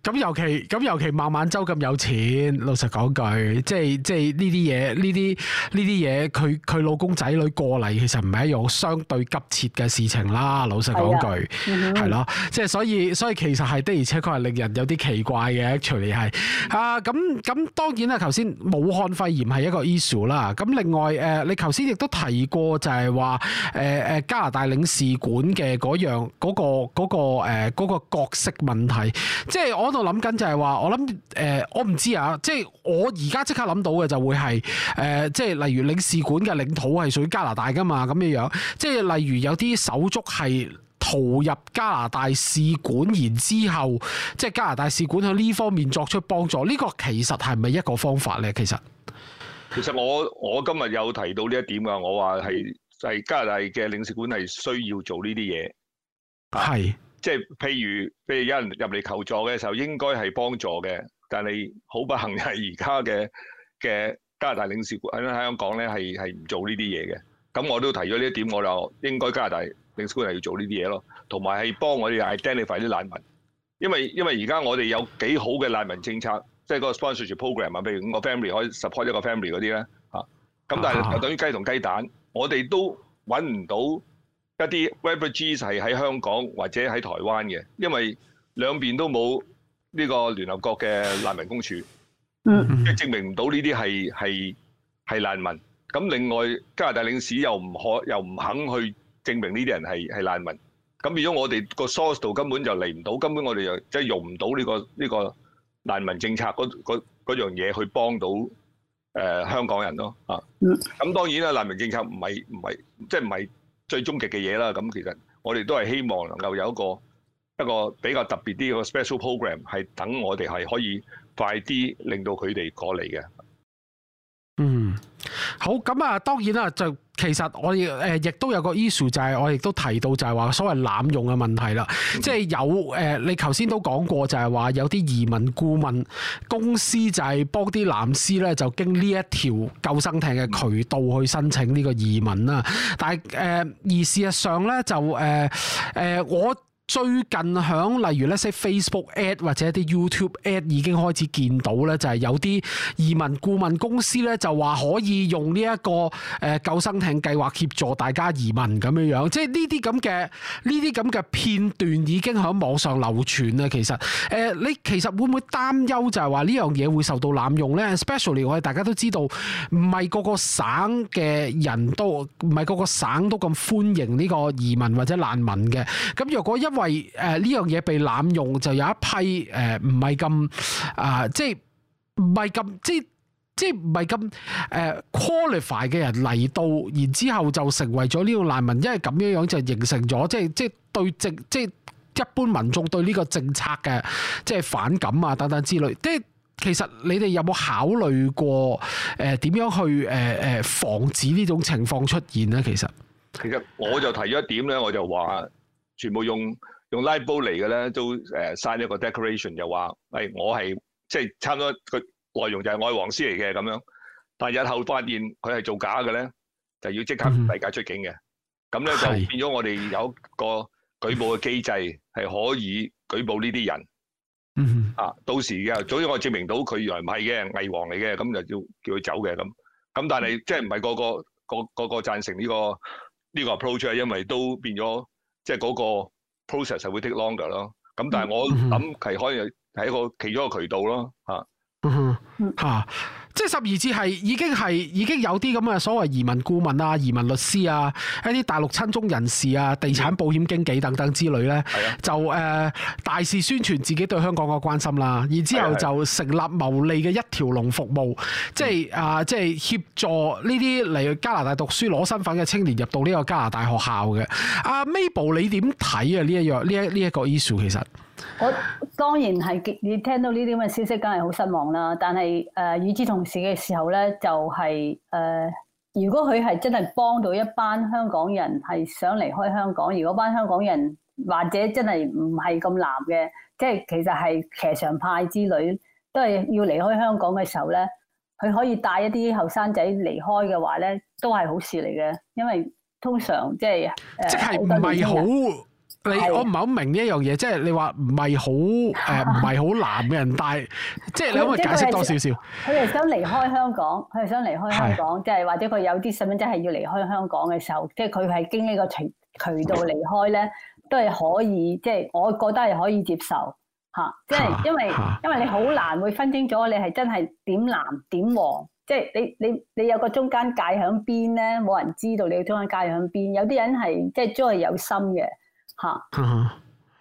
咁尤其咁尤其孟晚舟咁有錢，老實講句，即係即係呢啲嘢，呢啲呢啲嘢，佢佢老公仔女過嚟，其實唔係一樣相對急切嘅事情啦。老實講句，係、哎、咯，即係、嗯、所以所以其實係的，而且確係令人有啲奇怪嘅。除係啊，咁咁當然剛才啦，頭先武漢肺炎係一個 issue 啦。咁另外誒你頭先亦都提過就係話誒誒加拿大領事館嘅樣樣、嗰個、嗰個、嗰個、嗰個誒嗰個角色問題，即係我。喺度諗緊就係話，我諗誒、呃，我唔知啊，即係我而家即刻諗到嘅就會係誒、呃，即係例如領事館嘅領土係屬於加拿大噶嘛，咁樣樣，即係例如有啲手足係逃入加拿大使館，然之後即係加拿大使館喺呢方面作出幫助，呢個其實係咪一個方法咧？其實，其實我我今日有提到呢一點啊。我話係係加拿大嘅領事館係需要做呢啲嘢，係。即係譬如，譬如有人入嚟求助嘅時候，應該係幫助嘅。但係好不幸係而家嘅嘅加拿大領事館喺香港咧，係係唔做呢啲嘢嘅。咁我都提咗呢一點，我就應該加拿大領事館係要做呢啲嘢咯。同埋係幫我哋 identify 啲難民，因為因為而家我哋有幾好嘅難民政策，即係個 sponsorship program 啊，譬如五個 family 可以 support 一個 family 嗰啲咧嚇。咁但係、啊、等於雞同雞蛋，我哋都揾唔到。一啲 refugees 係喺香港或者喺台灣嘅，因為兩邊都冇呢個聯合國嘅難民公署，即係證明唔到呢啲係係係難民。咁另外加拿大領事又唔可又唔肯去證明呢啲人係係難民。咁如果我哋個 source 度根本就嚟唔到，根本我哋就即係用唔到呢個呢個難民政策嗰嗰嗰樣嘢去幫到誒香港人咯啊。咁當然啦，難民政策唔係唔係即係唔係。最終極嘅嘢啦，咁其實我哋都係希望能夠有一個一個比較特別啲嘅 special program，係等我哋係可以快啲令到佢哋過嚟嘅。嗯。好咁啊，當然啦，就其實我誒亦、呃、都有個 issue，就係、是、我亦都提到，就係話所謂濫用嘅問題啦。即係有你頭先都講過，就係、是、話有啲、呃、移民顧問公司就係幫啲藍司藍絲咧，就經呢一條救生艇嘅渠道去申請呢個移民啦。但係、呃、而事實上咧，就誒、呃呃、我。最近響例如咧，Facebook ad 或者啲 YouTube ad 已經開始見到咧，就係有啲移民顧問公司咧就話可以用呢一個誒救生艇計劃協助大家移民咁樣樣，即係呢啲咁嘅呢啲咁嘅片段已經響網上流傳啊。其實誒、呃、你其實會唔會擔憂就係話呢樣嘢會受到濫用咧？Especially 我哋大家都知道，唔係個個省嘅人都唔係個個省都咁歡迎呢個移民或者難民嘅。咁若果一，為誒呢樣嘢被濫用，就有一批誒唔係咁啊，即係唔係咁，即係即係唔係咁誒、呃、qualify 嘅人嚟到，然之後就成為咗呢個難民，因為咁樣樣就形成咗，即係即係對政，即係一般民眾對呢個政策嘅即係反感啊等等之類。即係其實你哋有冇考慮過誒點、呃、樣去誒誒、呃、防止呢種情況出現咧？其實，其實我就提咗一點咧，我就話。全部用用 live 布嚟嘅咧，都誒簽一個 declaration，就話喂、哎，我係即係差唔多個內容就係愛黃絲嚟嘅咁樣。但係日後發現佢係造假嘅咧，就要即刻遞解出境嘅。咁、mm、咧 -hmm. 就變咗我哋有個舉報嘅機制係可以舉報呢啲人。Mm -hmm. 啊，到時嘅總之我證明到佢原來唔係嘅偽黃嚟嘅，咁就要叫佢走嘅咁。咁但係即係唔係個個個個個贊成呢、呢個呢、呢個 approach 啊？因為都變咗。即係嗰個 process 係會 take longer 咯，咁但係我諗係可以係一個其中一個渠道咯，嚇。即係十二字係已經係已經有啲咁嘅所謂移民顧問啊、移民律師啊、一啲大陸親中人士啊、地產保險經紀等等之類呢，嗯、就、呃、大肆宣傳自己對香港嘅關心啦、啊。然之後就成立牟利嘅一條龍服務，即係啊，即係、呃、協助呢啲嚟加拿大讀書攞身份嘅青年入到呢個加拿大學校嘅。阿、呃、Mabel，你點睇啊？呢一樣呢一呢一 s u e 其實？我當然係，你聽到呢啲咁嘅消息，梗係好失望啦。但係誒、呃，與之同時嘅時候咧，就係、是、誒、呃，如果佢係真係幫到一班香港人係想離開香港，而嗰班香港人或者真係唔係咁難嘅，即係其實係騎牆派之類，都係要離開香港嘅時候咧，佢可以帶一啲後生仔離開嘅話咧，都係好事嚟嘅，因為通常即係誒，即係唔係好。你我唔係好明呢一樣嘢，即係你話唔係好誒，唔係好藍嘅人， (laughs) 但即係你可唔可以解釋多少少？佢係想離開香港，佢係想離開香港，即係、就是、或者佢有啲身份真係要離開香港嘅時候，即係佢係經呢個渠渠道離開咧，都係可以，即、就、係、是、我覺得係可以接受嚇。即係、就是、因為 (laughs) 因為你好難會分清楚你係真係點藍點黃，即、就、係、是、你你你有個中間界喺邊咧，冇人知道你嘅中間界喺邊。有啲人係即係總係有心嘅。吓，咁、 (noise) 嗯，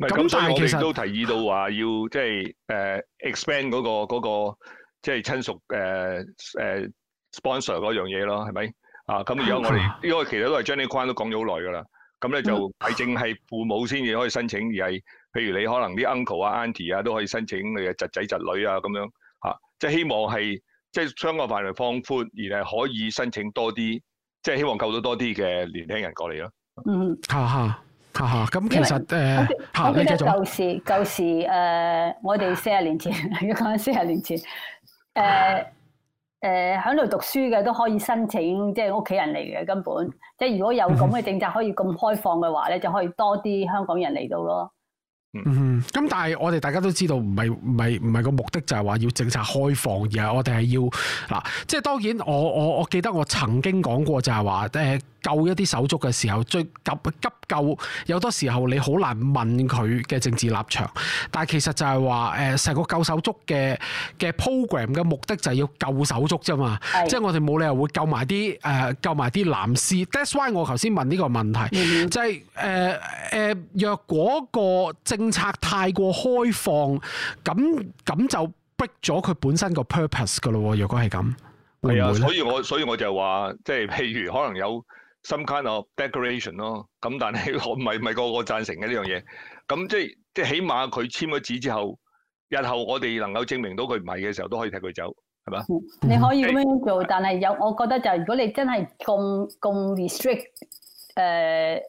但係我哋都提議到話要即係誒 expand 嗰、那個即係、那個就是、親屬誒誒、uh, uh, sponsor 嗰樣嘢咯，係咪？啊，咁而家我哋 (noise) 因為其實都係將啲框都講咗好耐㗎啦，咁咧就係正係父母先至可以申請，而係譬如你可能啲 uncle 啊、 (noise) auntie 啊都可以申請你嘅侄仔侄女啊咁樣嚇、啊，即係希望係即係將個範圍放寬，而係可以申請多啲，即係希望救到多啲嘅年輕人過嚟咯。嗯，嚇、嗯、嚇。嗯。嚇，咁其實誒，嚇你繼續。我覺得舊時舊時，呃、我哋四十年前，要講緊四十年前，誒 (laughs) 誒， (laughs) 喺度，呃、呃、讀書嘅都可以申請，即係屋企人嚟嘅根本。即係如果有咁嘅政策可以咁開放嘅話咧， (laughs) 就可以多啲香港人嚟到咯。嗯，咁但係我哋大家都知道唔係唔係唔係個目的就係話要政策開放，而係我哋係要嗱，即係當然我我我記得我曾經講過就係話誒救一啲手足嘅時候，最急急救有多時候你好難問佢嘅政治立場，但係其實就係話誒成個救手足嘅嘅 program 嘅目的就係要救手足啫嘛，即、oh. 係我哋冇理由會救埋啲誒救埋啲藍絲。That's why 我頭先問呢個問題，mm -hmm. 就係誒誒若果個政政策太過開放，咁咁就逼咗佢本身個 purpose 噶咯。若果係咁，會唔會咧？係啊，所以我所以我就話，即係譬如可能有 some kind of decoration 咯。咁但係我唔係唔係個個贊成嘅呢樣嘢。咁即係即係起碼佢簽咗字之後，日後我哋能夠證明到佢唔係嘅時候，都可以踢佢走，係嘛？你可以咁樣做，hey, 但係有我覺得就如果你真係咁咁 restrict 誒、uh,。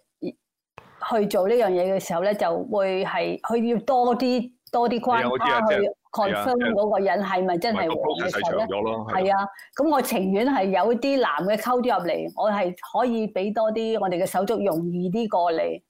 去做呢樣嘢嘅時候咧，就會係去要多啲多啲關關、yeah, 去 confirm 嗰個人係咪真係黃色群咧？係啊，咁我情願係有啲男嘅溝啲入嚟，我係可以俾多啲我哋嘅手足容易啲過嚟。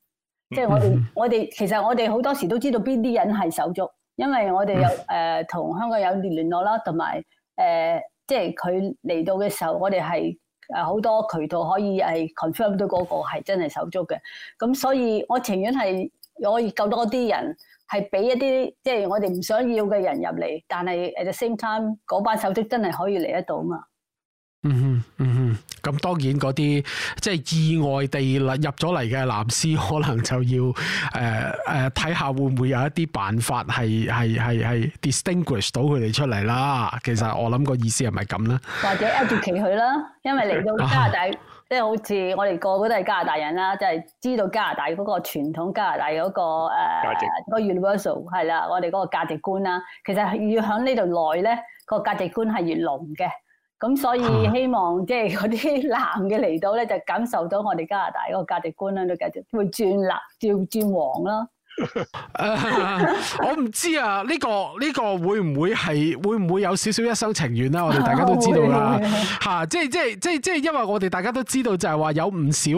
即 (laughs) 係我哋我哋其實我哋好多時都知道邊啲人係手足，因為我哋有誒同、 (laughs) 呃、香港有聯聯絡啦，同埋誒即係佢嚟到嘅時候，我哋係。誒好多渠道可以係 confirm 到嗰個係真係手足嘅，咁所以我情願係可以救多啲人，係俾一啲即係我哋唔想要嘅人入嚟，但係 at the same time 嗰班手足真係可以嚟得到嘛。嗯哼，嗯哼，咁當然嗰啲即係意外地入咗嚟嘅藍絲，可能就要誒誒睇下會唔會有一啲辦法係係係係 distinguish 到佢哋出嚟啦。其實我諗個意思係咪咁咧？或者 educate 佢啦，因為嚟到加拿大，啊、即係好似我哋個個都係加拿大人啦，就係、是、知道加拿大嗰個傳統的加拿大嗰、那個誒、啊那個、universal 係啦，我哋嗰個價值觀啦。其實越喺呢度耐咧，那個價值觀係越濃嘅。咁所以希望、啊、即係嗰啲男嘅嚟到咧，就感受到我哋加拿大嗰個價值觀咧，都繼續會轉立，要轉黃咯。 (laughs) (laughs) uh, 我唔知啊，呢、這個呢、這個會唔會係會唔會有少少一廂情願啦、啊？我哋大家都知道啦、啊，嚇、哦！ (laughs) 即係即係即係即係，因為我哋大家都知道就，就係話有唔少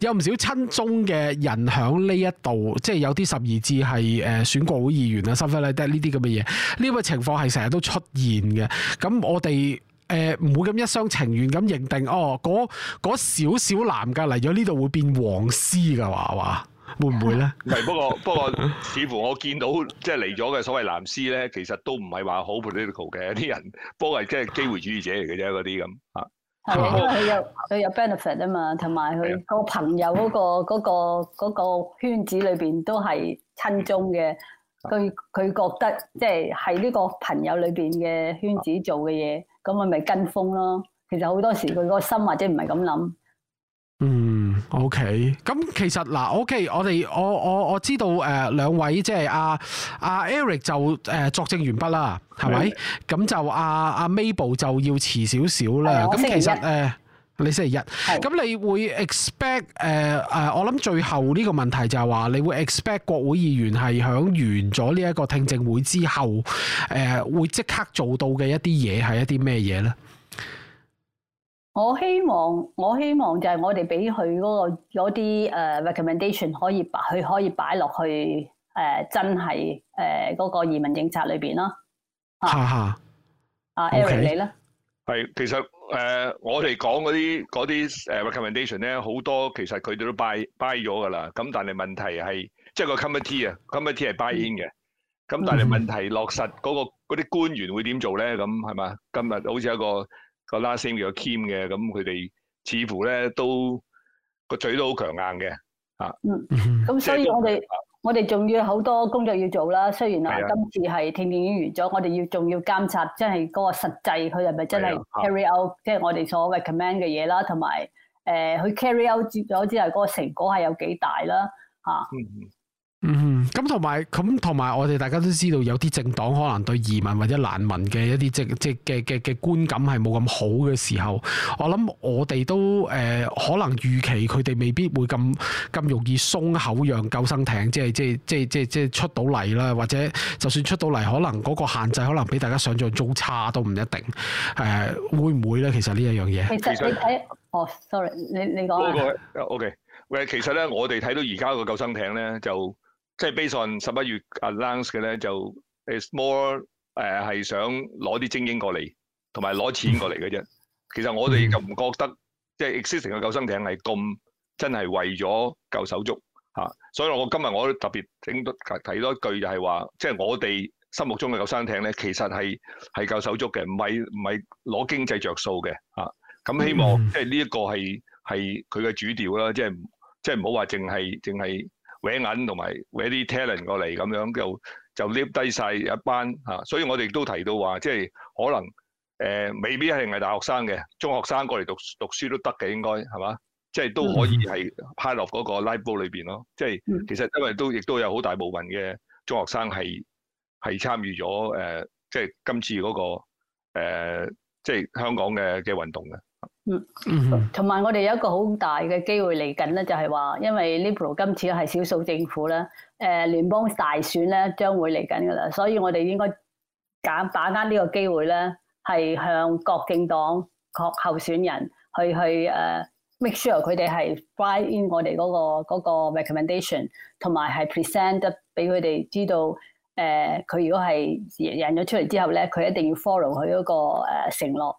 有唔少親中嘅人喺呢一度，即係有啲十二字係誒選國會議員啊、參選 leader 呢啲咁嘅嘢，呢個情況係成日都出現嘅。咁我哋。誒、呃、唔會咁一廂情願咁認定哦。嗰少少男噶嚟咗呢度會變黃絲噶，話話會唔會咧？唔係不過不過，似乎我見到即係嚟咗嘅所謂男絲咧，其實都唔係話好 political 嘅啲人，不過係即係機會主義者嚟嘅啫。嗰啲咁啊，係佢、嗯、有佢有 benefit 啊嘛，同埋佢個朋友嗰個嗰個嗰個圈子裏邊都係親中嘅。佢佢覺得即係喺呢個朋友裏邊嘅圈子做嘅嘢。咁我咪跟風咯，其實好多時佢個心或者唔係咁諗。嗯，OK。咁其實嗱，OK，我哋我我我知道、呃、兩位即係阿阿 Eric 就、呃、作證完畢啦，係咪？咁就阿、啊、阿、啊、Mabel 就要遲少少啦。咁其實、呃你星期一咁，你會 expect 誒誒？我諗最後呢個問題就係話，你會 expect 國會議員係響完咗呢一個聽證會之後，誒、呃、會即刻做到嘅一啲嘢係一啲咩嘢咧？我希望我希望就係我哋俾佢嗰個嗰啲誒 recommendation 可以擺佢可以擺落去誒、呃、真係誒嗰個移民政策裏邊啦。哈哈阿 Eric 你咧係其實。誒、呃，我哋講嗰啲啲誒 recommendation 咧，好多其實佢哋都 buy buy 咗噶啦。咁但係問題係，即係個 committee 啊，committee 係 buy in 嘅。咁但係問題落實嗰、嗰個啲官員會點做咧？咁係嘛？今日好似有個、個 last name 叫 Kim 嘅，咁佢哋似乎咧都個嘴都好強硬嘅。嚇、嗯！咁所以我哋。我哋仲要好多工作要做啦，雖然啊，今次係聽聽完咗，我哋要仲要監察，即係嗰個實際佢係咪真係 carry out，即係、就是、我哋所謂 command 嘅嘢啦，同埋誒，佢 carry out 咗之後嗰、那個成果係有幾大啦，嚇。嗯，咁同埋，咁同埋，我哋大家都知道，有啲政黨可能對移民或者難民嘅一啲即即嘅嘅嘅觀感係冇咁好嘅時候，我諗我哋都誒、呃、可能預期佢哋未必會咁咁容易鬆口讓救生艇，即係即係即係即係即係出到嚟啦，或者就算出到嚟，可能嗰個限制可能比大家想象中差都唔一定誒、呃，會唔會咧？其實呢一樣嘢，其實你睇，哦，sorry，你你講啊，OK，喂，其實咧，哦 sorry, okay. 實我哋睇到而家個救生艇咧就。即、就、係、是、based on 十一月 announced 嘅咧，就 more, uh, is more 誒係想攞啲精英過嚟，同埋攞錢過嚟嘅啫。其實我哋就唔覺得，即、就、係、是、existing 嘅救生艇係咁真係為咗救手足，啊、所以我今日我都特別整多睇多句就，就係話，即係我哋心目中嘅救生艇咧，其實係係救手足嘅，唔係唔係攞經濟着數嘅，咁希望即係呢一個係佢嘅主調啦，即係即係唔好話淨係。淨係搵銀同埋搵啲 talent 過嚟咁樣，就就 lift 低晒一班吓，所以我哋亦都提到話，即係可能誒、呃，未必係係大學生嘅中學生過嚟讀讀書都得嘅，應該係嘛？即係都可以係派落嗰個拉布裏邊咯。即係其實因為都亦都有好大部分嘅中學生係係參與咗誒、呃，即係今次嗰、那個、呃、即係香港嘅嘅運動嘅。嗯，同埋我哋有一個好大嘅機會嚟緊咧，就係話，因為 Liberal 今次係少數政府咧，誒聯邦大選咧將會嚟緊噶啦，所以我哋應該揀把握呢個機會咧，係向各政黨各候選人去去誒 make sure 佢哋係 buy in 我哋嗰個嗰個 recommendation，同埋係 present 得俾佢哋知道，誒、呃、佢如果係贏引咗出嚟之後咧，佢一定要 follow 佢嗰個誒承諾。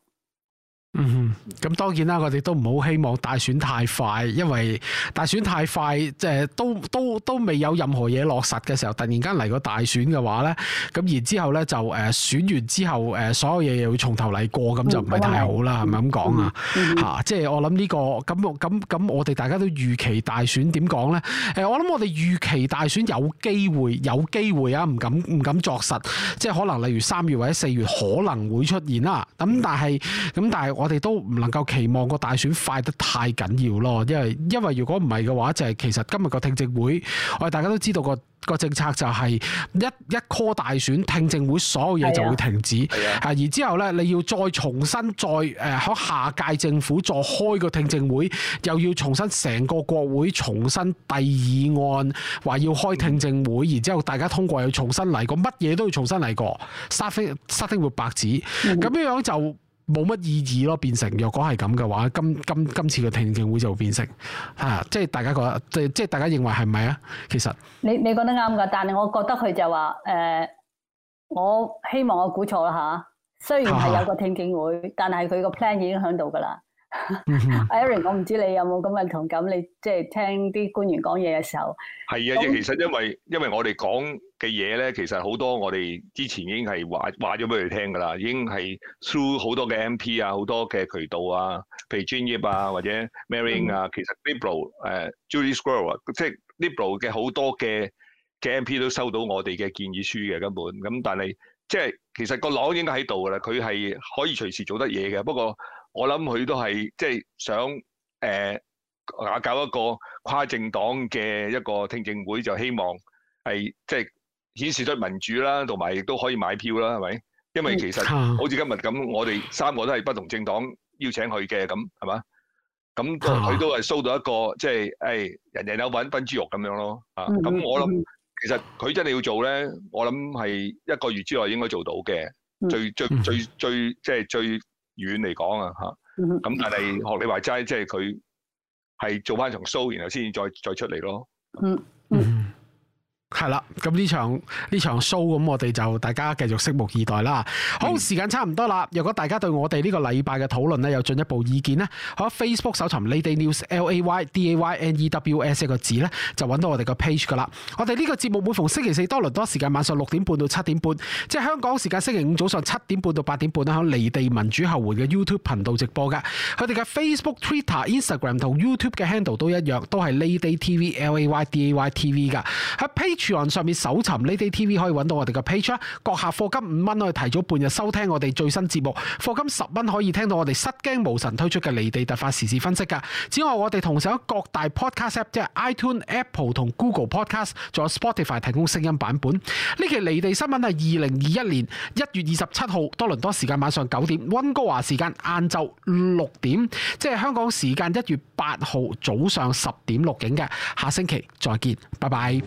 嗯哼，咁當然啦，我哋都唔好希望大選太快，因為大選太快，即、呃、係都都都未有任何嘢落實嘅時候，突然間嚟個大選嘅話咧，咁然之後咧就誒、呃、選完之後誒、呃、所有嘢又會從頭嚟過，咁就唔係太好啦，係咪咁講啊？吓、就是這個，即係我諗呢個咁咁咁，我哋大家都預期大選點講咧？誒、呃，我諗我哋預期大選有機會，有機會啊，唔敢唔敢作實，即、就、係、是、可能例如三月或者四月可能會出現啦。咁但係咁但係。我哋都唔能夠期望個大選快得太緊要咯，因為因為如果唔係嘅話，就係其實今日個聽證會，我哋大家都知道個個政策就係一一科大選聽證會，所有嘢就會停止。啊。啊，而之後呢，你要再重新再誒喺下屆政府再開個聽證會，又要重新成個國會重新第二案，話要開聽證會，然之後大家通過又重新嚟過，乜嘢都要重新嚟過，沙聽沙聽會白紙，咁樣樣就。冇乜意義咯，變成若果係咁嘅話，今今今次嘅聽證會就會變成，嚇、啊，即係大家覺得，即係即係大家認為係咪啊？其實你你講得啱㗎，但係我覺得佢就話誒、呃，我希望我估錯啦吓，雖然係有個聽證會，啊、但係佢個 plan 已經喺度㗎啦。 (laughs) (laughs) Aaron，我唔知你有冇咁嘅同感，你即係聽啲官員講嘢嘅時候係啊，亦其實因為因為我哋講。嘅嘢咧，其實好多我哋之前已經係話話咗俾佢哋聽㗎啦，已經係 through 好多嘅 MP 啊，好多嘅渠道啊，譬如 Jane 啊，或者 Marrying 啊、嗯，其實 Liberal 誒 Julie s、呃、q u i r r e 啊，即係 Liberal 嘅好多嘅嘅 MP 都收到我哋嘅建議書嘅根本咁，但係即係其實個籠應該喺度㗎啦，佢係可以隨時做得嘢嘅。不過我諗佢都係即係想誒、呃、搞一個跨政黨嘅一個聽證會，就希望係即係。就是顯示出民主啦，同埋亦都可以買票啦，係咪？因為其實好似今日咁，我哋三個都係不同政黨邀請佢嘅，咁係嘛？咁佢都係 show 到一個，即係誒，人人有份分豬肉咁樣咯。啊，咁我諗其實佢真係要做咧，我諗係一個月之內應該做到嘅。最最最最即係最遠嚟講啊，嚇。咁但係學你話齋，即係佢係做翻場 show，然後先至再再出嚟咯。嗯嗯。係啦，咁呢場呢場 show，咁我哋就大家繼續拭目以待啦。好，時間差唔多啦。若果大家對我哋呢個禮拜嘅討論呢，有進一步意見呢，可 Facebook 搜尋 LayDay News L A Y D A Y N E W S 一個字呢就揾到我哋個 page 噶啦。我哋呢個節目每逢星期四多倫多時間，晚上六點半到七點半，即係香港時間星期五早上七點半到八點半喺離地民主後援嘅 YouTube 頻道直播噶。佢哋嘅 Facebook、Twitter、Instagram 同 YouTube 嘅 handle 都一樣，都係 LayDay TV L A Y D A Y TV 噶喺柱案上面搜尋呢啲 TV，可以揾到我哋嘅 page。各下課金五蚊可以提早半日收聽我哋最新節目，課金十蚊可以聽到我哋失驚無神推出嘅離地突發時事分析㗎。此外，我哋同時有各大 podcast app，即係 iTune、Apple 同 Google Podcast，仲有 Spotify 提供聲音版本。呢期離地新聞係二零二一年一月二十七號多倫多時間晚上九點，溫哥華時間晏晝六點，即係香港時間一月八號早上十點錄影嘅。下星期再見，拜拜。